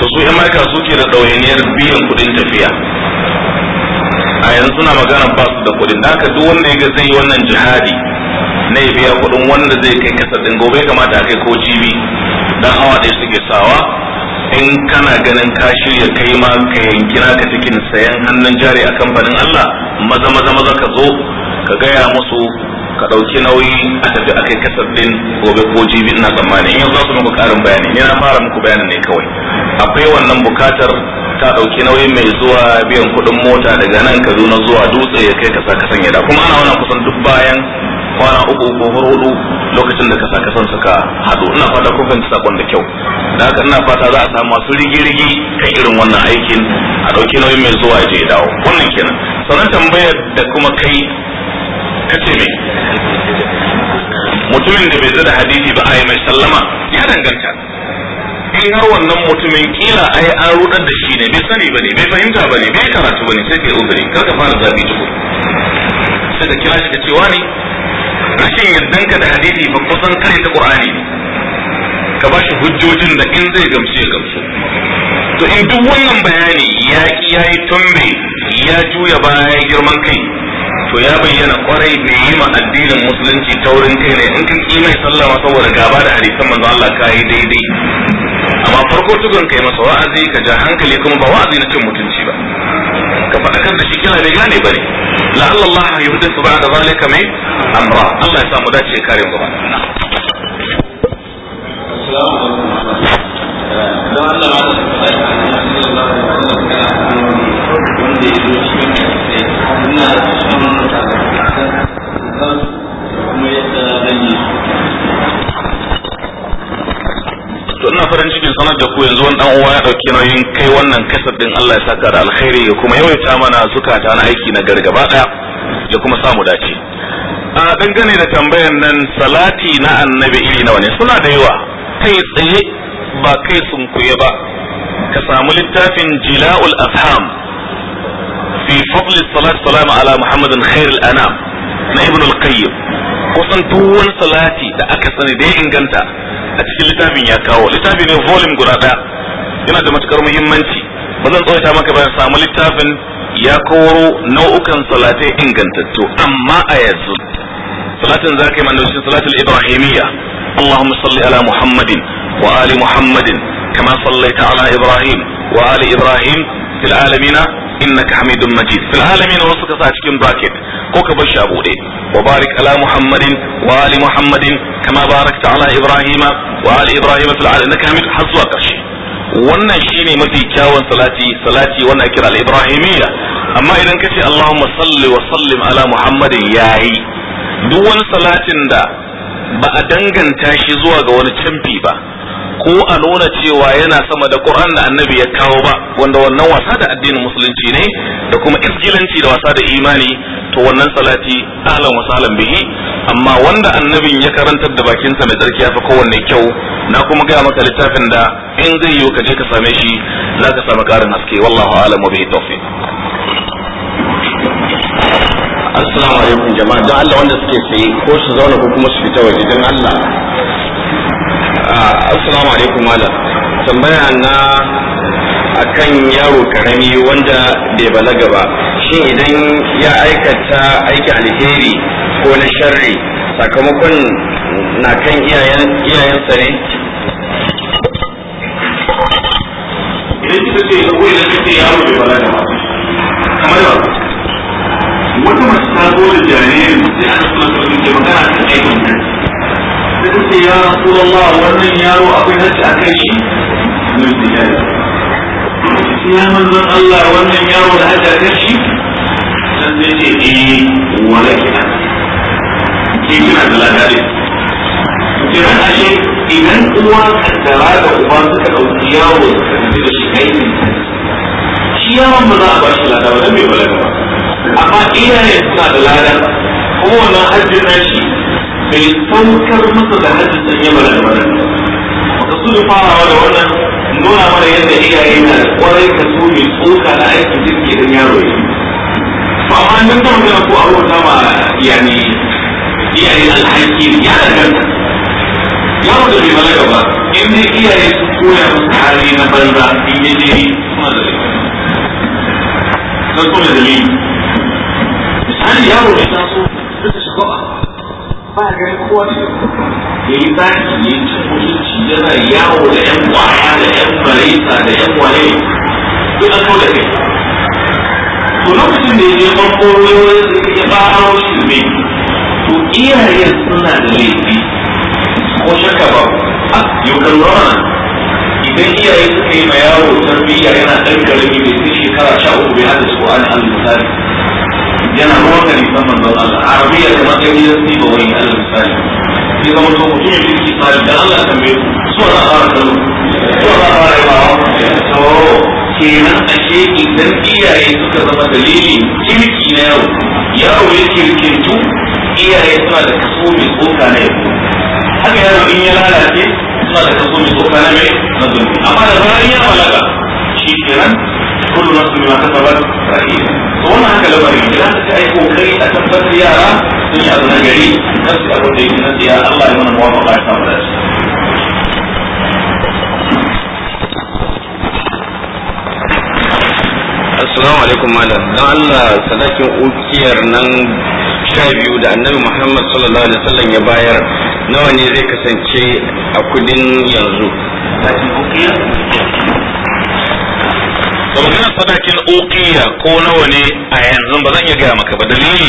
to su yan maka suke da ɗawainiyar biyan kuɗin tafiya a yanzu suna magana ba su da kuɗin haka duk wanda ya ga zai yi wannan jihadi na ya biya kuɗin wanda zai kai kasa ɗin gobe kamata a kai ko jibi dan awa ɗaya suke sawa in kana ganin ka shirya kai ma ka yanki naka cikin sayan hannun jari a kamfanin Allah maza maza maza ka zo ka gaya musu ka ɗauki nauyi a tafi a kai kasar ɗin gobe ko jibi ina tsammani in yanzu za su muku ƙarin bayani ni na fara muku bayanin ne kawai akwai wannan bukatar ta ɗauki nauyi mai zuwa biyan kuɗin mota daga nan kaduna zuwa dutse ya kai ka sa ka sanya da kuma ana wannan kusan duk bayan kwana uku ko hudu lokacin da kasa kasan suka hadu ina fata ko fahimci sakon da kyau da haka ina fata za a samu masu rigi-rigi kan irin wannan aikin a dauki nauyin mai zuwa je dawo wannan kenan sanan tambayar da kuma kai kace me mutumin da bai zada hadisi ba a yi mai sallama ya danganta in har wannan mutumin kila ai an rudar da shi ne bai sani bane bai fahimta bane bai karatu bane sai kai uzuri kar ka fara zabi tukun sai ka kira shi ka ce wani rashin yardan ka da hadisi ba kusan kare ta qur'ani ka ba shi hujjojin da in zai gamsu ya gamsu to in duk wannan bayani ya ya yi tumbe ya juya baya ya girman kai to ya bayyana kwarai ne yi ma addinin musulunci taurin kai ne in kan kima ya sallama saboda gaba da hadisan manzo Allah ka yi daidai amma farko tukun kai masa wa'azi ka ja hankali kuma ba wa'azi na cin mutunci ba ka faɗakar da shi kila ne, gane bane ne la'alla Allah yuhdithu ba'da zalika mai amra Allah ya samu dace kare mu ba Thank you. to ina farin cikin sanar da ku yanzu wani dan uwa ya dauke nauyin kai wannan kasar din Allah ya saka da alkhairi ya kuma yawaita mana zukata na aiki na gargaba daya ya kuma samu dace a dangane da tambayan nan salati na annabi iri nawa ne suna da yawa kai tsaye ba kai kuye ba ka samu littafin jila'ul afham fi fadli salat salam ala muhammadin khairul anam na ibn al-qayyim kusan duk salati da aka sani da ya inganta a cikin littafin ya kawo littafi ne volume guda daya yana da matukar muhimmanci ba zan tsawaita maka ba samu littafin ya koro nau'ukan salatai ingantattu amma a yanzu salatin za ka yi mana cikin salatul ibrahimiyya اللهم صل على محمد وآل محمد كما صليت على إبراهيم وآل إبراهيم في العالمين innaka hamidun majid fil alamin wasu ka sa cikin bracket ko ka bar shi a bude wa barik ala muhammadin wa ali muhammadin kama barakta ala ibrahima wa ali ibrahima fil alamin innaka hamid har zuwa karshe wannan shine mafi kyawun salati salati wanda ake kira al-ibrahimiyya amma idan kace allahumma salli wa sallim ala muhammadin yayi duk wani salatin da ba a danganta shi zuwa ga wani canfi ba ko a nuna cewa yana sama da Qur'an da Annabi ya kawo ba wanda wannan wasa da addinin musulunci ne da kuma isgilanci da wasa da imani to wannan salati alam wa salam bihi amma wanda annabin ya karantar da bakinsa mai tsarki yafi kowanne kyau na kuma ga maka littafin da in zai yi ka je ka same shi za ka samu karin haske wallahu a'lam wa bihi tawfiq assalamu alaikum jama'a don Allah wanda suke saye ko su zauna ko kuma su fita waje don Allah Ah, assalamu alaikum malam tambaya na akan yaro karami wanda bai balaga ba shin idan ya aikata aiki alheri ko na sharri sakamakon na kan iyayensa ne idan kika ce ka koyi da kike yaro bai balaga ba kamar ba wata mace ta zo da jaririn da ana suna so ke magana ta aikin حدث يا رسول الله ومن يا أقول هكذا أكيشي من الزجاجة يا من من الله ومن يارو هكذا أكيشي سنتي ولك كيف ما تلا ذلك كيف ما أشيء إذن هو الدراجة أفاتك أو تياو تنزل الشكاية من الناس شيئا من الله بأشي لك ولم يبلغ أما إذا يتلا ذلك هو ما أجل أشيء bai saukar masa da hajji san yi mana da wannan rasulun farawa da wannan nuna mana yadda iyaye na kwarai ka so mai tsoka na aikin da suke don yaro yi ba ma nan da magana ko an wata ma yani iyaye alhaki ya danganta yaro da bai balaga ba in dai iyaye sun koya masa hali na banza in yi jiri suna da laifi don suna da laifi misali yaro da taso da ta shiga ba kowa ne ya yi zaki ya yi mutunci yana yawo da yan kwaya da yan barisa da yan wane duk an kawo da kai to lokacin da ya je farko wani ya a shi mai to iyayen suna da laifi ko shakka ba a yau kan idan iyaye suka yi ma yawo tarbiyya yana ɗan karami mai sai shekara sha uku bai hada su ko an misali yana ruwan da nisan manzon Allah arabiya da matsayin ya sai ba wani Allah misali sai zama to mutum ya fiki tsari da Allah tambaye ku so na fara kallo so na fara yawa to kenan a ashe idan iyaye suka zama dalili kirki na yau yaro ya kirkintu iyaye suna da kaso mai tsoka na yau haka yaro in ya lalace suna da kaso mai tsoka na mai na amma da zarar ya balaga shi kenan كل nafsin bima kasabat rahim to wannan haka lamarin idan ka ai kokari a tabbatar yara sun نفس abu na gari kan su abu da yake Assalamu alaikum malam dan Allah sadakin ukiyar nan sha biyu da annabi Muhammad sallallahu alaihi wasallam ya bayar nawa ne zai kasance a kudin yanzu? Sadakin ukiyar ba maganar sadakin uqiya ko nawa ne a yanzu ba zan iya gaya maka ba dalili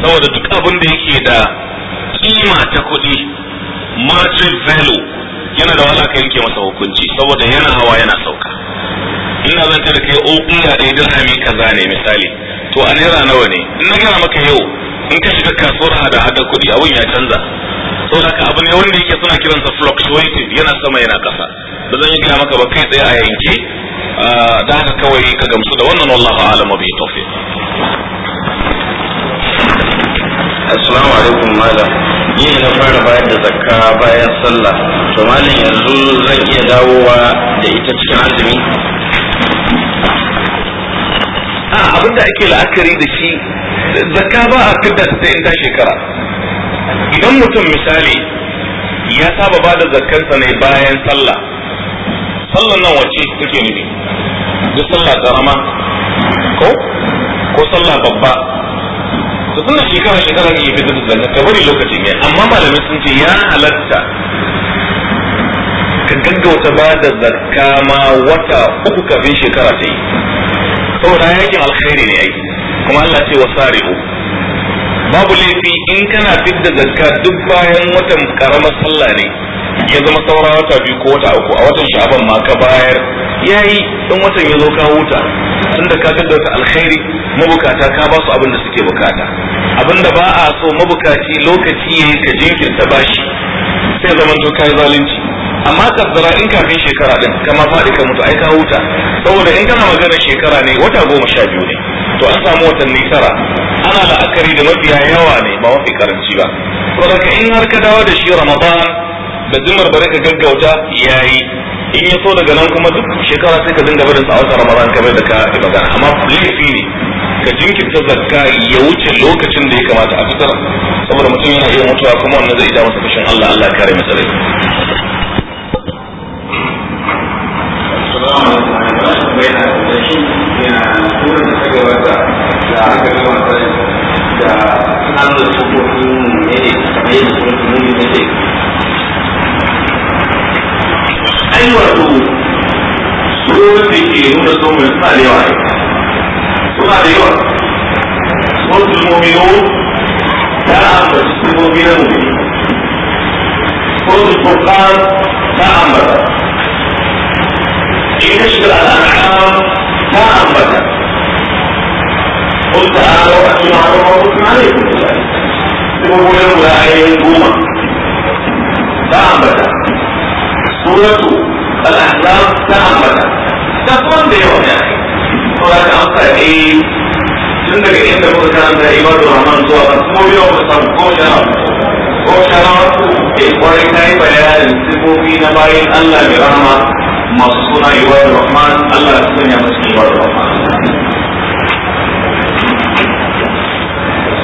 saboda duk abin da yake da kima ta kuɗi market value yana da wala ka yanke masa hukunci saboda yana hawa yana sauka ina zan da kai uqiya da dirhami kaza ne misali to a naira nawa ne in na gaya maka yau in ka shiga kasuwar hada hada kuɗi abun ya canza saboda haka abu ne wanda yake suna kiransa fluctuating yana sama yana ƙasa ba zan yi gaya maka ba kai tsaye a yanke Ah, da haka kawai ka gamsu da wannan wallahu alam bi tawfiq assalamu alaikum malam ni na fara bayar da zakka bayan sallah to malam yanzu zan iya dawowa da ita cikin azumi a ah, abinda ake la'akari da shi zakka ba a fidda ta in ta shekara idan mutum misali ya saba ba da zakkansa ne bayan sallah sallan nan wacce take nufi duk sallah karama ko ko sallah babba to tunda shekara shekara ne fi da ka bari lokacin ya amma malamin sun ce ya halatta ka gaggauta ba da zakka ma wata uku kafin shekara ta yi saboda yakin alkhairi ne ai kuma Allah ce wasari'u babu laifi in kana fidda zakka duk bayan watan karamar sallah ne ya zama saura wata biyu ko wata uku a watan sha'aban ma ka bayar yayi in watan ya zo ka huta tunda ka fidda ta alkhairi mabukata ka ba su abin da suke bukata abin da ba a so mabukaci lokaci yayi ka jinkirta bashi sai zaman to kai zalunci amma kaddara in kafin shekara din kama faɗi ka mutu ai ka huta saboda in kana maganar shekara ne wata goma sha biyu ne to an samu watanni tara ana la'akari da mafiya yawa ne ba mafi karanci ba saboda in har ka dawo da shi ramadan da zimmar bare ka gaggauta yayi in ya so daga nan kuma duk shekara sai ka dinga barin tsawon ramadan kamar da ka yi magana amma laifi ne ka jinkirta zakka ya wuce lokacin da ya kamata a fitar saboda mutum yana iya mutuwa kuma wannan zai ja masa fushin Allah Allah kare masa rai Assalamu alaikum da an da tsofaffin ne kamar yadda tsofaffin ne ne ne ai wato tsoron da ke nuna tsoron suna da yawa suna da yawa tsoron momino ta ambaci tsoron na momino tsoron tsoron ta ambata in ka shiga al'an'am ta ambata قل تعالوا أتوا معلوم عليكم تقول لهم لا عين الجمعة تعبت سورة الأحزاب تعبت تقوم بيوم يعني سورة أمسا إيه tun daga inda kuka karanta ibadu rahman zuwa kan kuma biyo ku samu ko shara ko shara ku ke kwarai ta yi bayanin sifofi na bayan Allah mai rahama masu suna ibadu rahman Allah ya sanya masu ibadu rahman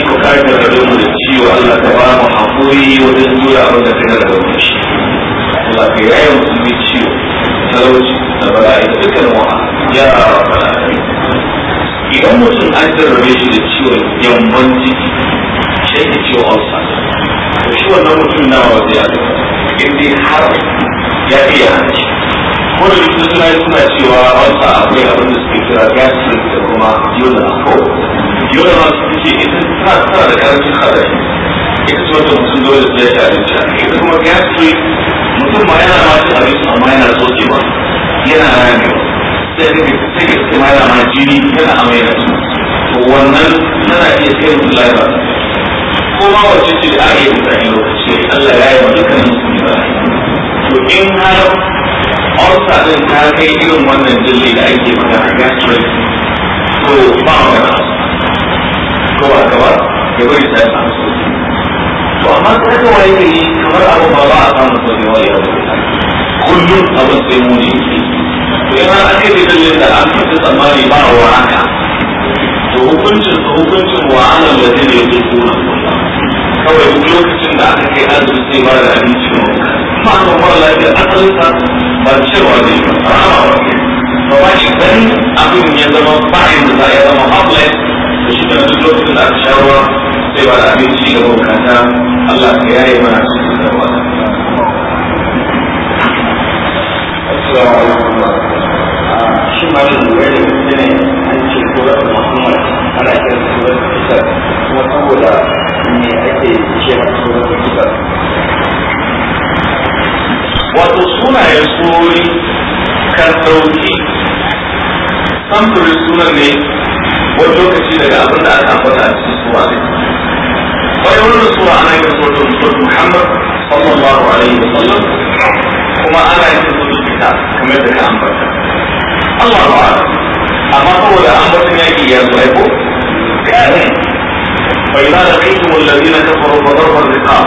iko kare da gare da ciwo Allah ta ba mu hakuri wajen jura abin da kai da gare shi Allah ka yaye mu su ciwo talauci da bala'i da dukkan wa ya bala'i idan mutum an jarrabe shi da ciwon yamman ciki shi ne ciwon alsa to shi wannan mutum na wa zai yi in dai har ya iya hanci ko da suna suna cewa alsa akwai abin da suke kira gasi da kuma yunwa ko yau ma su ce ita ta ta da karancin halaye ita ce ta mutum dole su zai tare da ita kuma ya ce mutum ma yana ma cin abinci amma yana tsotsewa yana ramewa sai ka sai ka kuma yana ma jini yana amai da su to wannan tana iya kai mutum lafiya ko ma wacce ce da aka yi mutane lokaci Allah ya yi wa dukkanin mutum ba to in har ulcer din ta kai irin wannan jirgin da ake magana gastric to ba magana ko ba ya bari sai samu sauki to amma sai ka waye gari kamar abu ba ba a samu sauki wa yau kullum abin sai mu ne to yana ake bidiyon da an fita tsammani ba wa haka to hukuncin hukuncin wa anan da zai yi kuna kawai duk lokacin da aka kai azumi sai ba da abinci ma ba ba lafiya asalin sa ba cewa zai ba ba ba ba ba abin ya zama ba da za ya zama hotline to shi da duk lokacin da aka sha ruwa sai ba da abinci ga bukata Allah ka yaye mana cikin da wata Assalamu alaikum ah, shi ma da lura da ne an ce kura da Muhammad ana kiran kura da kisa kuma saboda me ake ce ma kura da kisa wato sunayen surori kan ɗauki samfurin sunan ne wani lokaci daga abin da aka ambata a cikin suwa ne wani wani suwa ana yin sojo sojo muhammad sallallahu alaihi wa sallam kuma ana yin sojo fita kamar da ka ambata Allah ba amma saboda ambatan yaki ya zo aiko فإذا لقيتم الذين كفروا فضرب الرقاب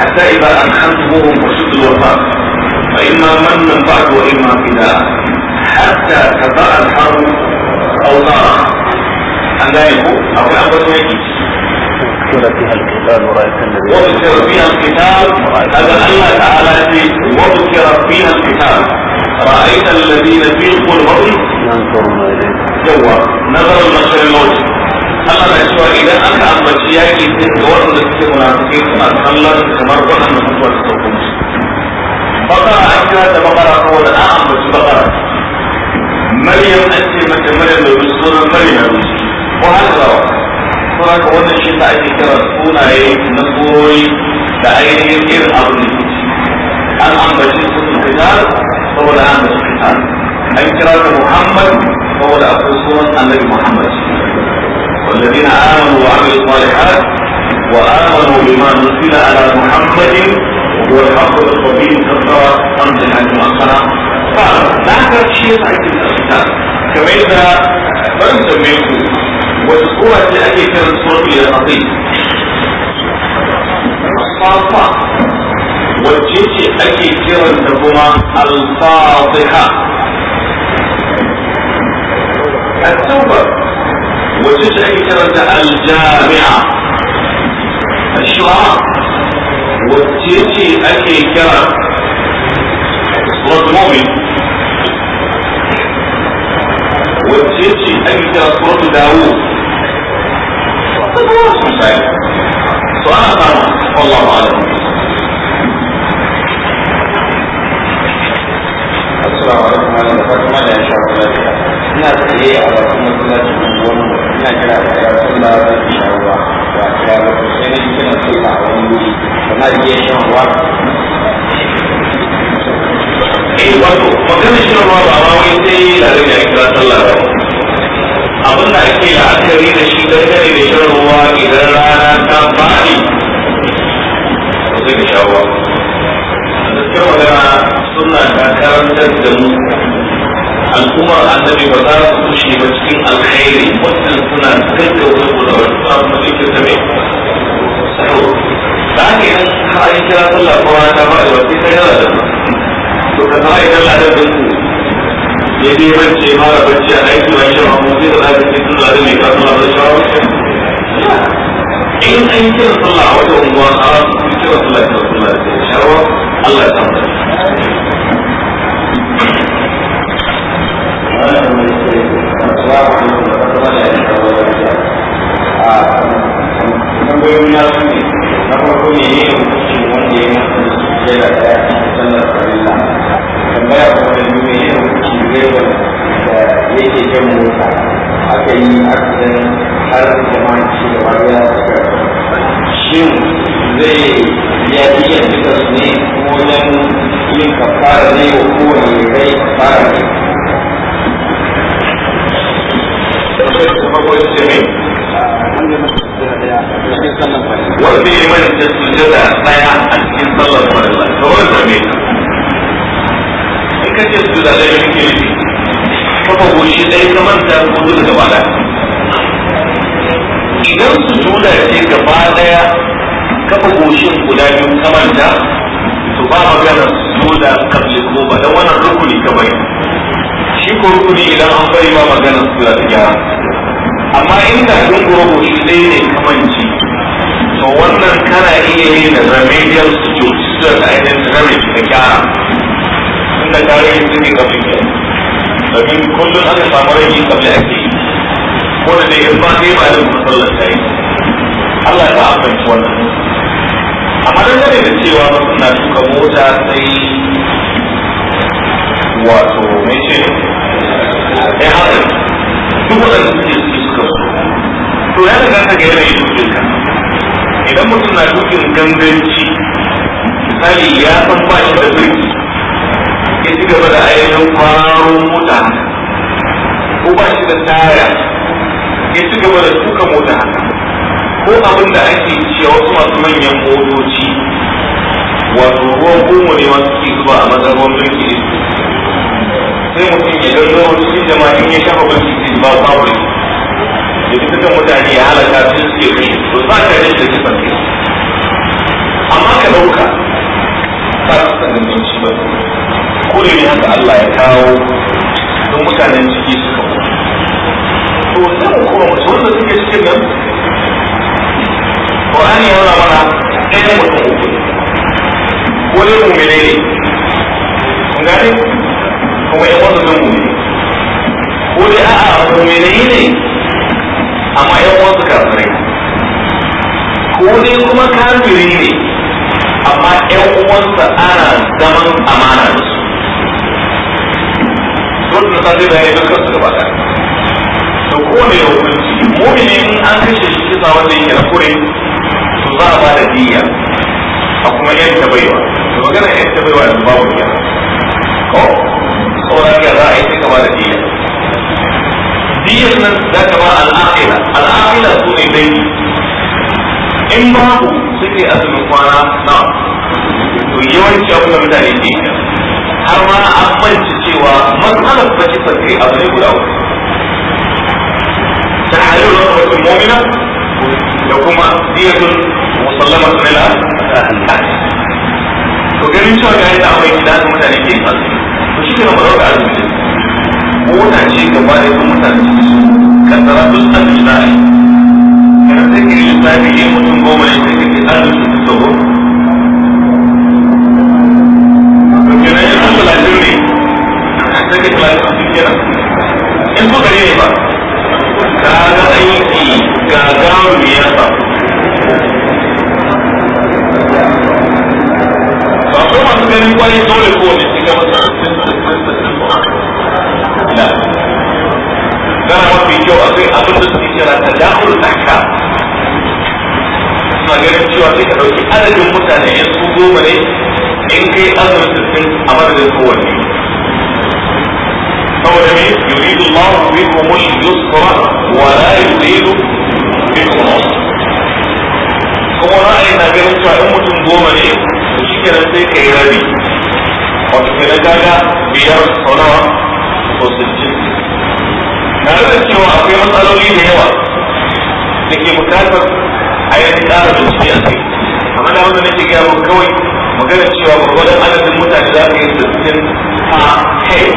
حتى إذا أنخنتموهم وشدوا الوثاق فإما منا بعد وإما فداء حتى تباء الحرب أوطارا أن ذلك أقول أبوة ويكي وذكر فيها القتال ورأيت الذي وذكر فيها القتال هذا الله تعالى وذكر فيها القتال رأيت الذين في قلوبهم ينظرون إليك جوا نظر البشر الموت Allah na cewa idan aka ambaci yaƙi sai ga waɗanda suke munafiki suna kallon kamar waɗanda mutuwa ta sauko musu. Bakara an kira da bakara saboda an ambaci bakara. maryam an ce mata maryam mai sunan maryam ko haka ko haka wannan shi ta ake kira sunaye na koyi da ainihin irin abu ne an ambaci sunan fitar saboda an ambaci fitar an kira ta muhammad saboda akwai sunan annabi muhammad والذين آمنوا وعملوا الصالحات وآمنوا بما نزل على محمد هو الحق القديم كثر أمس الحكم والصلاة فلا تشير أكيد kamar yadda barin tambaye ku wasu kowa ce ake kiran surfi da hatsi fafa wacce ce ake kiran da kuma alfatiha التوبة وتسعي كرة الجامعة الشراء وتسعي أكي كرة صلاة المؤمن wacce ce ake kira suratu dawo ta zuwa sosai to ana samu wallahu alam assalamu alaikum wa rahmatullahi wa barakatuh ina tsaye a wasu masallaci wani ina kira da ya sunna da shawarwa da kira da sai ne kina sunna a wani wuri kana iya shan ruwa eh wato magana shi ruwa ba ma wai sai da lalle ne kira sallah ba abin da ake la'akari da shi dangane da shan ruwa idan rana ta fadi ba zai ka sha ruwa gaskiyar magana suna ta karantar da mu al'ummar annabi ba za su kushe ba cikin alkhairi wannan suna gaggauta ko da wasu abu cikin ta mai da haka idan har kira sallah ko ta fadi ba sai ka yara da ba to ka zama idan ladabin ku ya je bacci mara bacci a ɗaki ba shawa mu sai da za ka cikin zaɓe mai kasuwa ba shawa in an yi kira sallah a wata unguwa a rasu kira sallah kira sallah da shawa Allah ya samu Thank you. daya sallar farilla tambaya ko da yi mai yin direban da yake jan mota aka yi akidan har jama'a ci suka shin zai ya iya su ne wajen yin kafara ne ko kowane rai kafara ne. wanda ya mai da sujjada daya a cikin sallar farilla wani wanda me in kace sujjada daya kike yi kafa shi dai ka manta ko da gaba daya idan sujjada ce gaba daya kafa goshin guda biyu ka manta to ba magana sujjada kabli ko ba dan wannan rukuni ka bai shi ko rukuni idan an bari ma magana sujjada ta gyara amma inda sun gurgu shi ɗaya ne ji to wannan kana iya yi da remedial situation da ainihin remedy ka gyara inda ka yin su ne kafin ke domin kullum aka samu rai kafin ake yi ko da dai in ba sai ba da matsalar ta yi Allah ta amince wannan amma dangane da cewa mutum na suka mota sai wato mai ce ya haɗa duk wadanda suke to ya ka ga yanayin dukin ka idan mutum na dukin ganganci misali ya san ba shi da birki ya ci gaba da ayyukan kwaro mota ko ba shi da taya ya ci gaba da tuka mota ko abin da ake cewa wasu masu manyan motoci wato ruwan goma ne masu ke zuba a matsayin ruwan birki sai mutum ya gano cikin jama'in ya shafa birki ba babu ne da dukkan mutane ya halaka su suke kai ko ba ka da shi sifan kai amma ka dauka ba su sanin zuci ba ko da ne haka Allah ya kawo don mutanen ciki suka to sai kuma mutum wanda suke cikin nan Qur'ani ya nuna mana ɗayan mutum uku ko dai mu'mine ne kun gane kuma ƴan wasu zan ne. ko dai a'a mu'mine ne amma yan wasu kafirai ko dai kuma kafiri ne amma yan uwansa ana zaman amana da su sun da sai da ya da su gaba da to ne ya hukunci mumini in an kashe shi kisa wanda yake da kure to za a ba da diya a kuma yan tabaiwa to magana yan tabaiwa da babu diya ko saboda za a yi sai ka ba da diya diyar nan za ka ba al'aqila al'aqila su ne dai in babu suke azumin kwana na to yawanci abin da mutane ke har ma an banci cewa matsalar bace ta kai abu ne guda uku ta halayyar wasu mu'mina da kuma diyatun musallama su nila to ganin cewa ga yadda abin gida da mutane ke yin azumi to shi ne na mazauka azumi mota ce gaba da ita mutane su kaddara duk san da za a yi kana sai ke lissafi yin eh, mutum goma ne sai ke san da su su sabo an talatin ne sai ke talatin su kenan in ko gari ne ba ka ga aiki ga gawar biyar ba ba kuma su ganin kwari dole ko ne shiga masa akwai abin da suke kira ta da'ul ahka suna ganin cewa sai ka dauki adadin mutane in su goma ne in kai azumin sittin a madadin kowanne saboda me yuridu Allah bikum al-yusra wa la yuridu bikum al-usra kuma ra'ayi na ganin cewa in mutum goma ne to shi kenan sai kai rabi wato kenan gaga biyar sau ko to sittin tare da cewa akwai matsaloli da yawa da ke bukatar a yi ƙara zuci a kai amma da wanda nake gaya muku kawai magana cewa gwagwadon adadin mutane za ka yi sassin a kai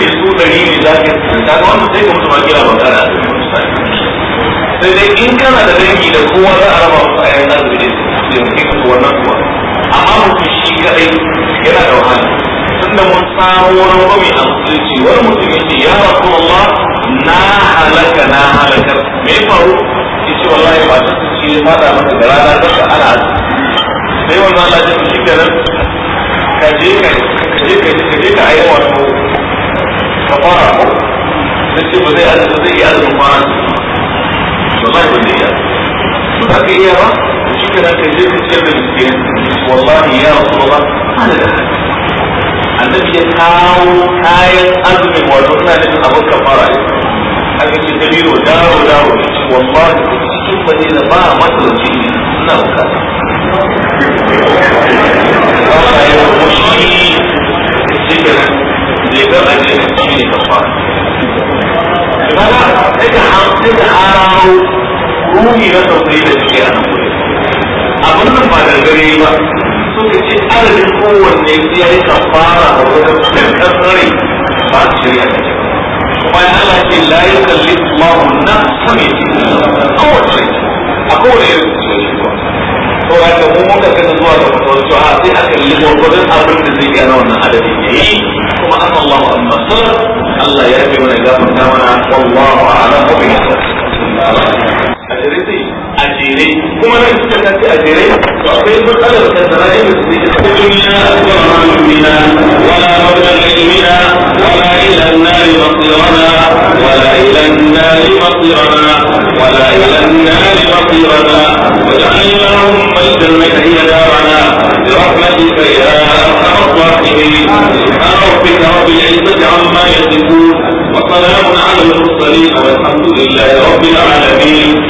da su ɗari yi. za ka yi sassin ta wanda sai ka mutu ma kira magana a cikin misali sai dai in kana da dangi da kowa za a raba musu a yan azumi ne da yanke musu wannan kuwa amma mutum shi kaɗai yana da wahala tunda mun samu wani rami a musulunci wani mutum yace ya rasulullah na halaka na halakar me faru yace wallahi ba ta ce fada maka da rana da ana sai wanda Allah ya ce kenan ka je ka je ka je ka je ka ayi wato ka fara ko sai ba zai azumi zai yi azumi ba wallahi ba zai yi ba za ka iya ba shi kenan ka je ka ce da miskin wallahi ya rasulullah ana da annabi ya kawo kayan azumin wato suna nufin abin kafara aka ce dalilo dawo dawo ya ce wallahi cikin madina ba matalauci ne suna bukata shi da da abin nan ba dangare ba so ya ce adadin kowanne sai ya yi kafara a wajen kankare ba su shirya da kuma ya Allah ce la ya kalli Allahu nafsan kowace a kowane irin to ya ga mu muka kada zuwa ga mutuwar cewa sai a kalli gwargwadon abin da zai gana wannan adadin ya yi kuma an Allah wa amma sallar Allah ya rabe mana gafarta mana wallahu a'lam wa bihi a shirye ajirai kuma nan suka tafi ajirai to akwai matsala da tattara yin musulmi da ta duniya wa ma'amina wa la mawla ilmina wa la ila an-nari masirana wa la ila an-nari masirana wa la ila an-nari masirana wa ja'alna lahum baytan hiya darana bi rahmatika ya arhamar rahimin ربك رب العزة عما يصفون وسلام على المرسلين والحمد لله رب العالمين